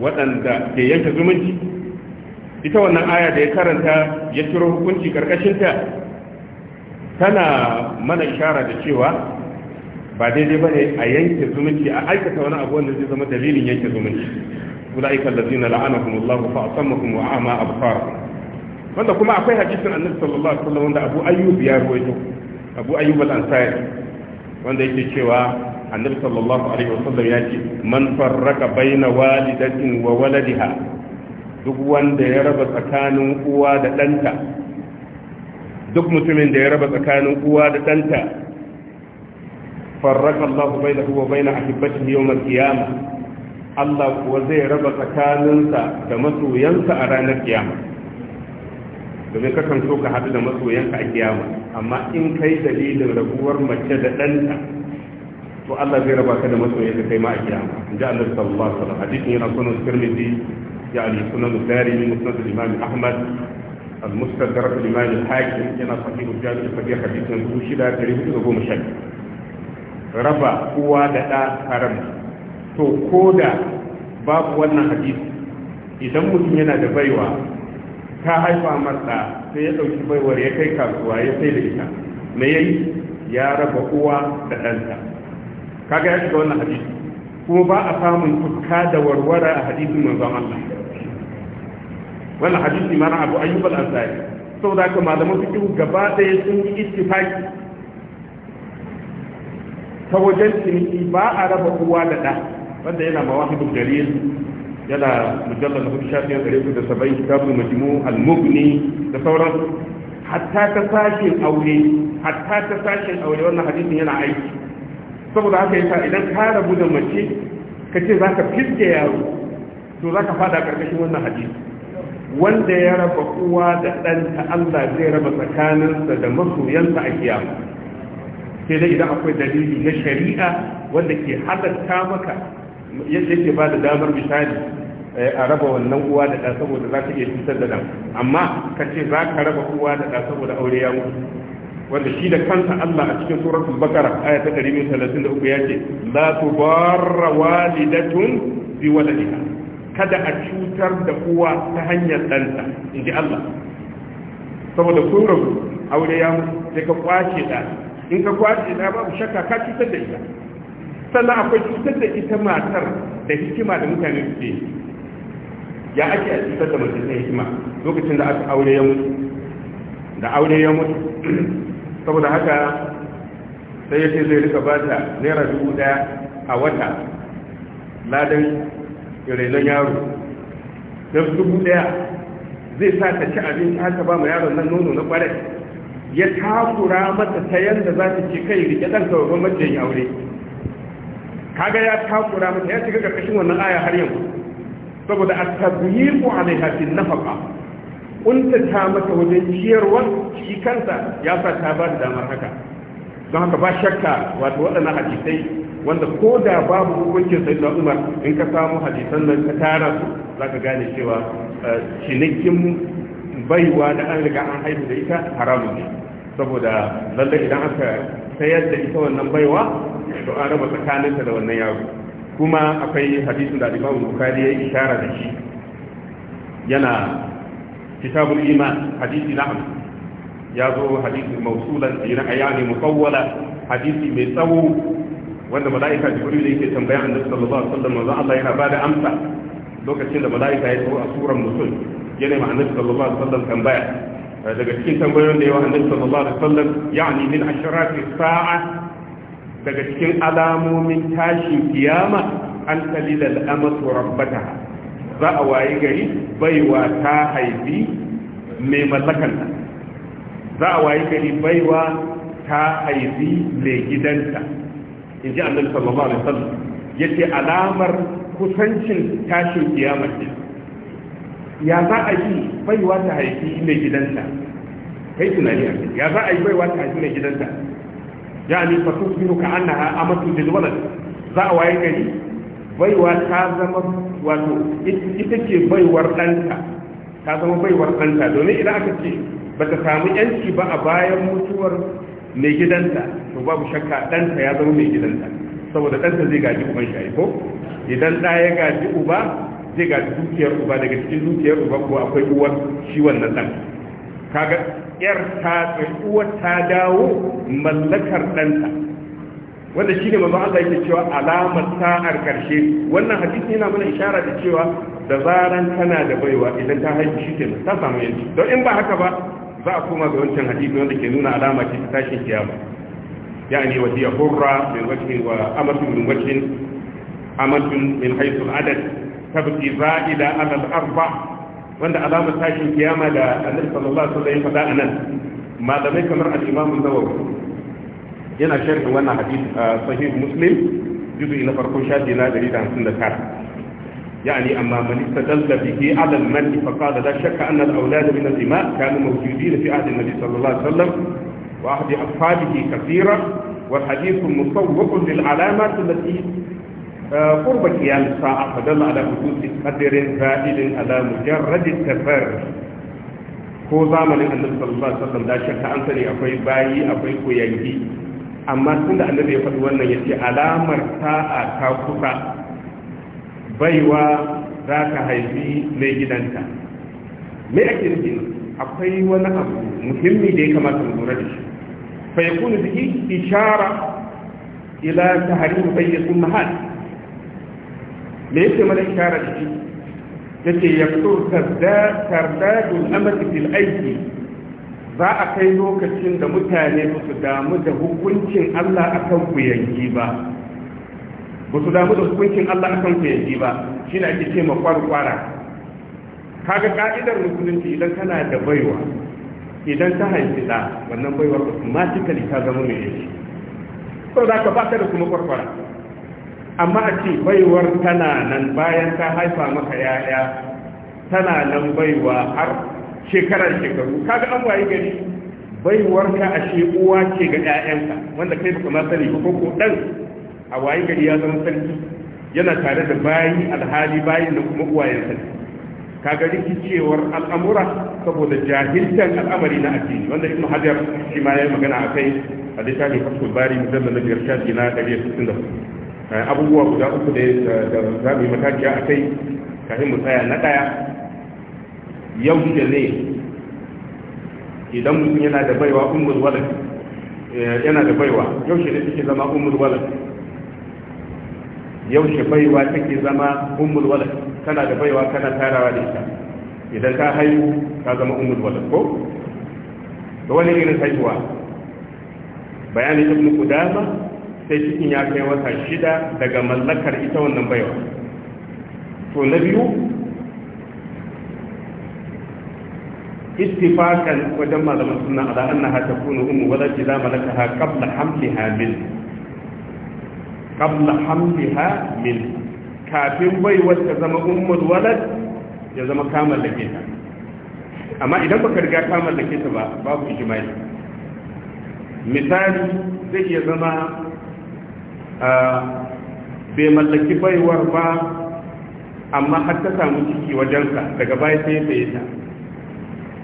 waɗanda ke yanke zumunci ita wannan aya da ya karanta ya ciro hukunci karkashinta tana mana ishara da cewa ba daidai ba ne a yanke zumunci a aikata wani abu wanda zai zama dalilin yanke zumunci ulaika allazina la'anahum Allah fa asammahum wa ama absarahum wanda kuma akwai hadisin annabi sallallahu alaihi wasallam wanda Abu Ayyub ya ruwaito Abu Ayyub al-Ansari wanda yake cewa annabi sallallahu alaihi wasallam ya ce man farraka baina walidatin wa waladiha duk wanda ya raba tsakanin uwa da ɗanta duk mutumin da ya raba tsakanin uwa da ɗanta farraka Allah bai da huwa bai na ahibbatin yau kiyama Allah kuwa zai raba tsakaninsa da masoyansa a ranar kiyama domin kakan so ka haɗu da masoyanka a kiyama amma in kai dalilin rabuwar mace da ɗanta to Allah zai raba ka da masoyanka kai ma a kiyama in ji Allah sallallahu alaihi wasallam hadisin yana sunan Tirmidhi يعني سنن الداري مسند الإمام أحمد المستدرة الإمام الحاكم كان صحيح الجامع في حديث من كوشدا كريم أبو مشاك ربا هو دا حرم تو كودا باب ونا حديث idan mutum yana da baiwa ta haifa marta sai ya dauki baiwar ya kai kasuwa ya sai da ita me yayi ya raba uwa da ɗanta kaga ya shiga wannan hadisi kuma ba a samun tukka da warwara a hadisin manzon Allah wannan hadisi mana abu ayyub al-ansari saboda haka malaman fiqh gaba ɗaya sun yi ittifaki ta wajen ciniki ba a raba uwa da ɗa wanda yana mawahibul dalil yana mujallal na hudu shafiyar ɗari da saba'in kitabu majmu al-mughni da sauran hatta ta sashin aure hatta ta sashin aure wannan hadisin yana aiki saboda haka yasa idan ka rabu da mace ka ce za ka fiske yaro to za ka fada ƙarƙashin wannan hadisi wanda ya raba uwa da ɗanta Allah zai raba tsakaninsa da masoyansa a kiyama sai dai idan akwai dalili na shari'a wanda ke halatta maka ke ba da damar misali eh, a raba wannan uwa da ɗa saboda za ka iya cutar da ɗan amma ka ce za ka raba uwa da ɗa saboda aure ya mutu wanda shi da kansa Allah a cikin suratul bakara aya ta 133 ya ce la tubarra walidatun bi waladiha kada a cutar da uwa ta hanyar ɗanta in ji Allah saboda sun aure ya sai ka kwace ɗa in ka kwace ɗa babu shakka ka cutar da ita sannan akwai cutar da ita matar da hikima da mutane ce ya ake a cutar da mace ta hikima lokacin da aka aure ya mutu da aure ya mutu saboda haka sai ya ce zai rika ba ta naira dubu ɗaya a wata ladan renon yaro don dubu daya zai sa ta ci abinci haka ba mu yaron nan nono na kwarai ya takura mata ta yadda za ta ce kai rike ɗan ka babban majiyan aure kaga ya takura mata ya shiga ƙarƙashin wannan aya har yanzu saboda a tabbiyiku alaiha fil nafaqa kunta ta mata wajen ciyarwa shi kansa ya sa ta ba da damar haka don haka ba shakka wato waɗannan hadisai wanda ko da babu hukuncin sai da umar in ka samu hadisan nan ka tara su za ka gane cewa eh, cinikin baiwa da an riga an haihu da ita haramun ne saboda lallai idan aka sayar da ita wannan baiwa to an raba tsakaninta da wannan yaro kuma akwai hadisin da Imam bukari ya ishara da shi yana kitabul iman hadisi na ya zo hadisi mausulan a yani mutawwala hadisi mai tsawo wanda mala'ika jibril yake tambaya annabi sallallahu alaihi wasallam manzo Allah yana bada amsa lokacin da mala'ika ya zo a suran mutum yana ma annabi sallallahu alaihi wasallam tambaya eh, daga cikin tambayoyin da yawa annabi sallallahu alaihi wasallam yani min asharati sa'a daga cikin alamomin tashin kiyama an talila al'amatu rabbataha za a waye gari baiwa ta haifi mai mallakanta za a waye gari baiwa ta haifi mai gidanta in ji annabi sallallahu alaihi wasallam yace alamar kusancin tashin kiyama ce ya za a yi baiwa ta haifi mai gidanta kai tunani a ya za a yi baiwa ta haifi mai gidanta ya ni fa tusbiru ka annaha amatu lil walad za a waye gari baiwa ta zama wato ita ce baiwar ɗanta ta zama baiwar ɗanta domin idan aka ce ba ta samu yanci ba a bayan mutuwar mai gidanta to babu shakka ɗanta ya zama mai gidanta saboda ɗanta zai gaji uban shi ko idan ɗa ya gaji uba zai gaji dukiyar uba daga cikin dukiyar uba ko akwai uwar shi wannan ɗan kaga yar ta uwar ta dawo mallakar ɗanta wanda shine manzo Allah yake cewa alamar sa'ar karshe wannan hadisi yana mana ishara da cewa da zaran tana da baiwa idan ta haihu shi ke ta samu yanci don in ba haka ba za a koma ga wancan hadisi wanda ke nuna alama ce ta tashin kiyama yani wa hiya hurra min wajhin wa amatu min wajhin amatu min haythu al-adad tabqi za'ida ala al-arba wanda alama tashin kiyama da annabi sallallahu alaihi wasallam ya faɗa anan malamai kamar al-imam an-nawawi yana sharhin wannan hadisi sahih muslim juzu na farko shafi na 159 يعني أما من استدل به على المنع فقال لا شك أن الأولاد من الإماء كانوا موجودين في عهد النبي صلى الله عليه وسلم وعهد أصحابه كثيرا والحديث مصوب للعلامات التي قرب قيام الساعة فدل على حدوث قدر زائد على مجرد التفرج ko zamanin annabi sallallahu alaihi wasallam da shakka an sani akwai bayi akwai koyangi amma tunda annabi ya faɗi wannan yace alamar sa'a ta kusa baiwa za ka haifi mai gidanta me ake nufi akwai wani abu muhimmi da ya kamata mu lura da shi fa yakunu bihi ishara ila tahrim bayyin ummahat me yake mana ishara da shi ce? yaktur tarda tardadul amati fil aiki za a kai lokacin da mutane su damu da hukuncin Allah akan yanki ba ba su damu da hukuncin Allah akan kanku yanzu ba shi ne ake ce ma kwarkwara kaga ka'idar musulunci idan kana da baiwa idan ta haifi da wannan baiwar automatically ta zama mai yaji sau da ka ba ta da kuma kwarkwara amma a ce baiwar tana nan bayan ta haifa maka yaya tana nan baiwa har shekarar shekaru kaga an waye gari ka ashe uwa ce ga 'ya'yanka wanda kai baka ma sani ba ko dan a waye gari ya zama sarki yana tare da bayi alhali bayin da kuma uwayen sarki kaga rikicewar al'amura saboda jahiltan al'amari na addini wanda ibnu hajar shi ma yayi magana akai a littafin fasul bari mujallal na biyar shafi na 164 eh, abubuwa guda uku da za mu yi matakiya akai kafin mu tsaya na daya yau da ne idan mutum yana da baiwa ummul walad eh, yana da baiwa yau shi ne take zama ummul walad yaushe baiwa take zama ummul walad kana da baiwa kana tarawa da ita idan ka haihu ka zama ummul walad ko da wani irin haihuwa bayani ibn qudama sai cikin ya kai wata shida daga mallakar ita wannan baiwa to na biyu ittifaqan wajen malaman sunna ala annaha takunu ummul walad idza malakaha qabla hamliha min قبل حملها min kafin baiwar ta zama ummul الولد ya zama كامل da amma idan baka riga ka da ta ba babu ijma'i misali zama bai mallaki baiwar ba amma har ta samu ciki wajensa daga baya sai ya saye ta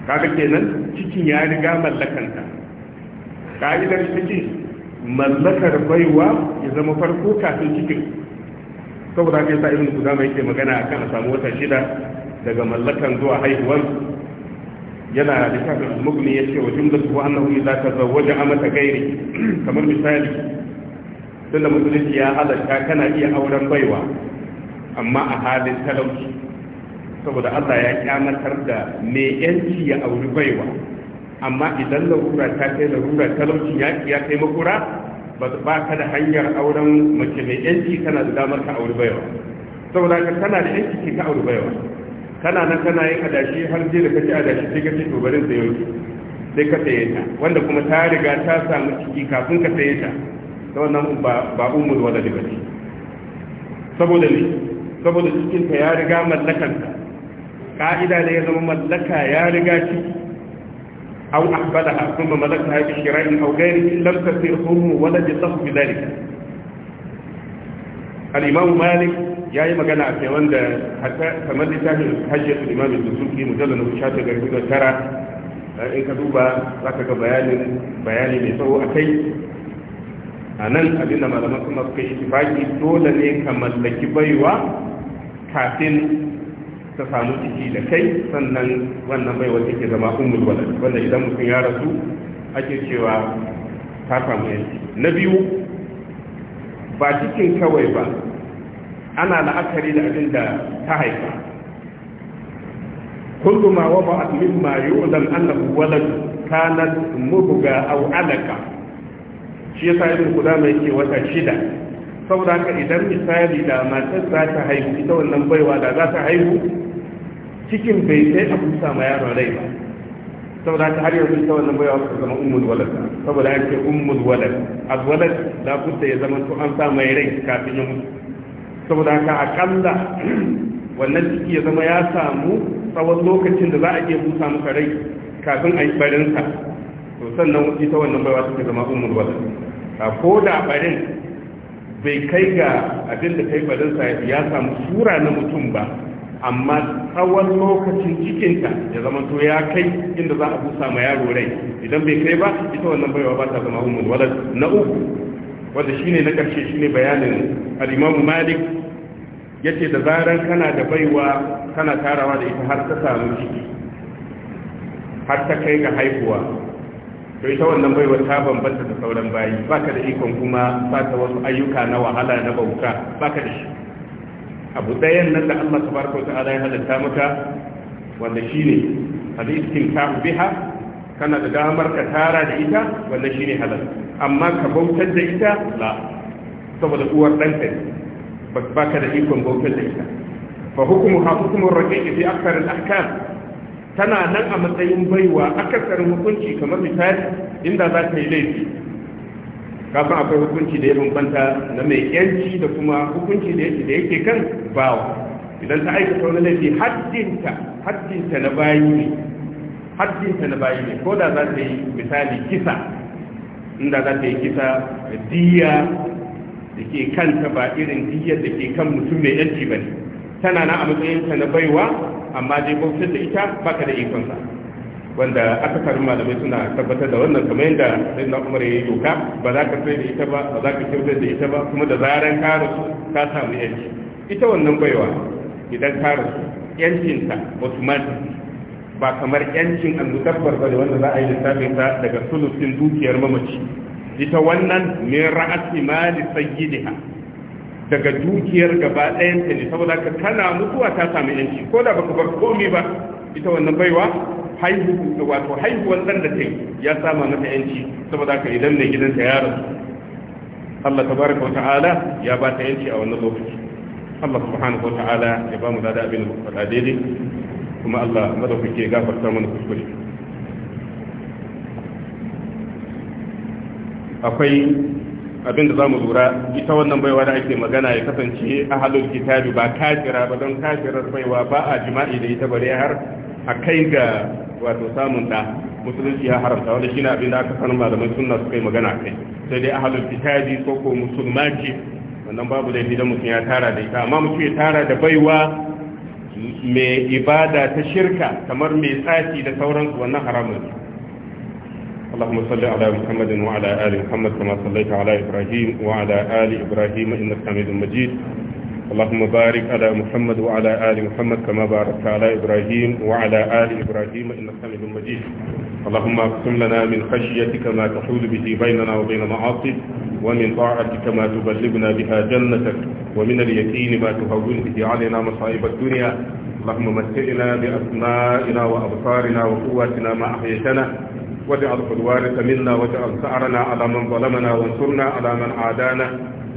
kaga kenan cikin ya riga mallakanta ka'idar cikin mallakar baiwa ya zama farko kafin cikin saboda haka yasa ibn kudama yake magana akan a samu wata shida daga mallakan zuwa haihuwar yana littafin al ya ce wa jumlatu annahu idza tazawwaja amata ghairi kamar misali tunda musulunci ya halarta kana iya auren baiwa amma a halin talauci saboda Allah ya kyamatar da mai yanci ya auri baiwa amma idan larura ta kai larura talauci ya ya kai makura ba ka da hanyar auren mace mai yanci kana da damar ka aure baiwa saboda ka tana da yanci ke ka aure baiwa kana nan kana yin adashi har je da kace adashi sai kace to barin sai yau sai ka saye ta wanda kuma ta riga ta samu ciki kafin ka saye ta ta wannan ba ba umul wala da bace saboda ne saboda cikin ta ya riga ka ka'ida ne ya zama mallaka ya riga ciki أو أحبلها ثم ملكها بشراء أو غيره لم تسير حرم ولا جسه بذلك الإمام مالك يا إما كان أتيوان دا حتى تملي تاهل حجة الإمام الدسوكي مجلد نبشاته غريبة ترى إن كدوبا لك بيان بيان لسوء أكي a nan abinda malaman suna suka yi tifaki dole ne ka mallaki baiwa kafin ta samu ciki da kai sannan wannan bai wata ke zama umul wala wanda idan mutum ya rasu ake cewa ta samu yanki na biyu ba cikin kawai ba ana la'akari da abin da ta haifa kullu ma wada'at mimma yu'lam annahu walad kanat mubga aw alaka shi yasa ibn mai ke wata shida saboda haka idan misali da matar za ta haihu ita wannan baiwa da za ta haihu cikin bai sai a busa ma yaro rai ba saboda ta har yanzu ta wannan baiwa ta zama ummul walad saboda an ce ummul walad al walad la budda ya zama to an sa mai rai kafin ya mutu saboda ka akalla wannan ciki ya zama ya samu tsawon lokacin da za a iya busa maka rai kafin a yi barinsa to sannan ita wannan baiwa ta zama ummul walad ko da barin bai kai ga abin da kai barinsa ya samu sura na mutum ba amma tsawon lokacin cikinta ya zama to ya kai inda za a busa ma yaro rai idan bai kai ba ita wannan baiwa ba ta zama umul walad na uku wanda shine na karshe shine bayanin al-Imam Malik yace da zaran kana da baiwa kana tarawa da ita har ta samu ciki har ta kai ga haihuwa to ita wannan baiwa ta bambanta da sauran bayi baka da ikon kuma ba ta wasu ayyuka na wahala na bauta baka da shi abu ɗayan nan da Allah tabaraka wa ta'ala ya halatta maka wanda shine hadisin ka biha kana da damar ka tara da ita wanda shine halal amma ka bautar da ita la saboda uwar ɗanka ne ba ka da ikon bautar da ita fa hukumu ha hukumun raƙiƙi fi akthar al-ahkam tana nan a matsayin baiwa akasarin hukunci kamar misali inda za ka yi laifi kafin akwai hukunci da ya bambanta na mai yanci da kuma hukunci da yake da yake kan bawa idan ta aikata wani laifi haddinta haddinta na bayi ne haddinta na bayi ne ko da za ta yi misali kisa inda za ta yi kisa diya da ke kanta ba irin diyar da ke kan mutum mai yanci ba ne tana na a matsayinta na baiwa amma dai bautar da ita baka da ikonsa wanda aka karin malamai suna tabbatar da wannan kamar yadda sai na umar yi doka ba za ka sai da ita ba ba za ka kyautar da ita ba kuma da zaran ka rasu ka samu yanci ita wannan baiwa idan ka rasu yancinta mati ba kamar yancin annutabbar ba da wanda za a yi lissafin ta daga sulusin dukiyar mamaci ita wannan min ra'asi mali sayyidiha daga dukiyar gaba ɗayan ta ne saboda ka kana mutuwa ta samu yanci ko da baka bar komi ba ita wannan baiwa haihu wato haihuwar ɗan da kai ya sama mata yanci saboda ka idan mai gidanta ya rasu Allah Ta baraka wa ta'ala ya ba ta yanci a wannan lokaci Allah subhanahu wa ta'ala ya ba mu dada abin da faɗa daidai kuma Allah kuke gafarta mana kuskure akwai abin da za mu lura ita wannan baiwa da ake magana ya kasance a halin kitabi ba kafira ba don kafirar baiwa ba a jima'i da ita bare har a kai ga wato samun da musulunci ya haramta wanda shine abin da aka sanar malaman sunna suka yi magana kai sai dai ahlul kitabi ko ko musulmaci wannan babu laifi da mutum ya tara da ita amma mutum ya tara da baiwa mai ibada ta shirka kamar mai sati da sauransu wannan haramun ne اللهم صل على محمد وعلى آل محمد كما صليت على إبراهيم وعلى آل إبراهيم إنك حميد مجيد اللهم بارك على محمد وعلى آل محمد كما باركت على إبراهيم وعلى آل إبراهيم إنك حميد مجيد اللهم اقسم لنا من خشيتك ما تحول به بيننا وبين معاصيك ومن طاعتك ما تبلغنا بها جنتك ومن اليقين ما تهون به علينا مصائب الدنيا اللهم مسئنا بأسمائنا وأبصارنا وقواتنا ما أحييتنا واجعل الوارث منا واجعل سعرنا على من ظلمنا وانصرنا على من عادانا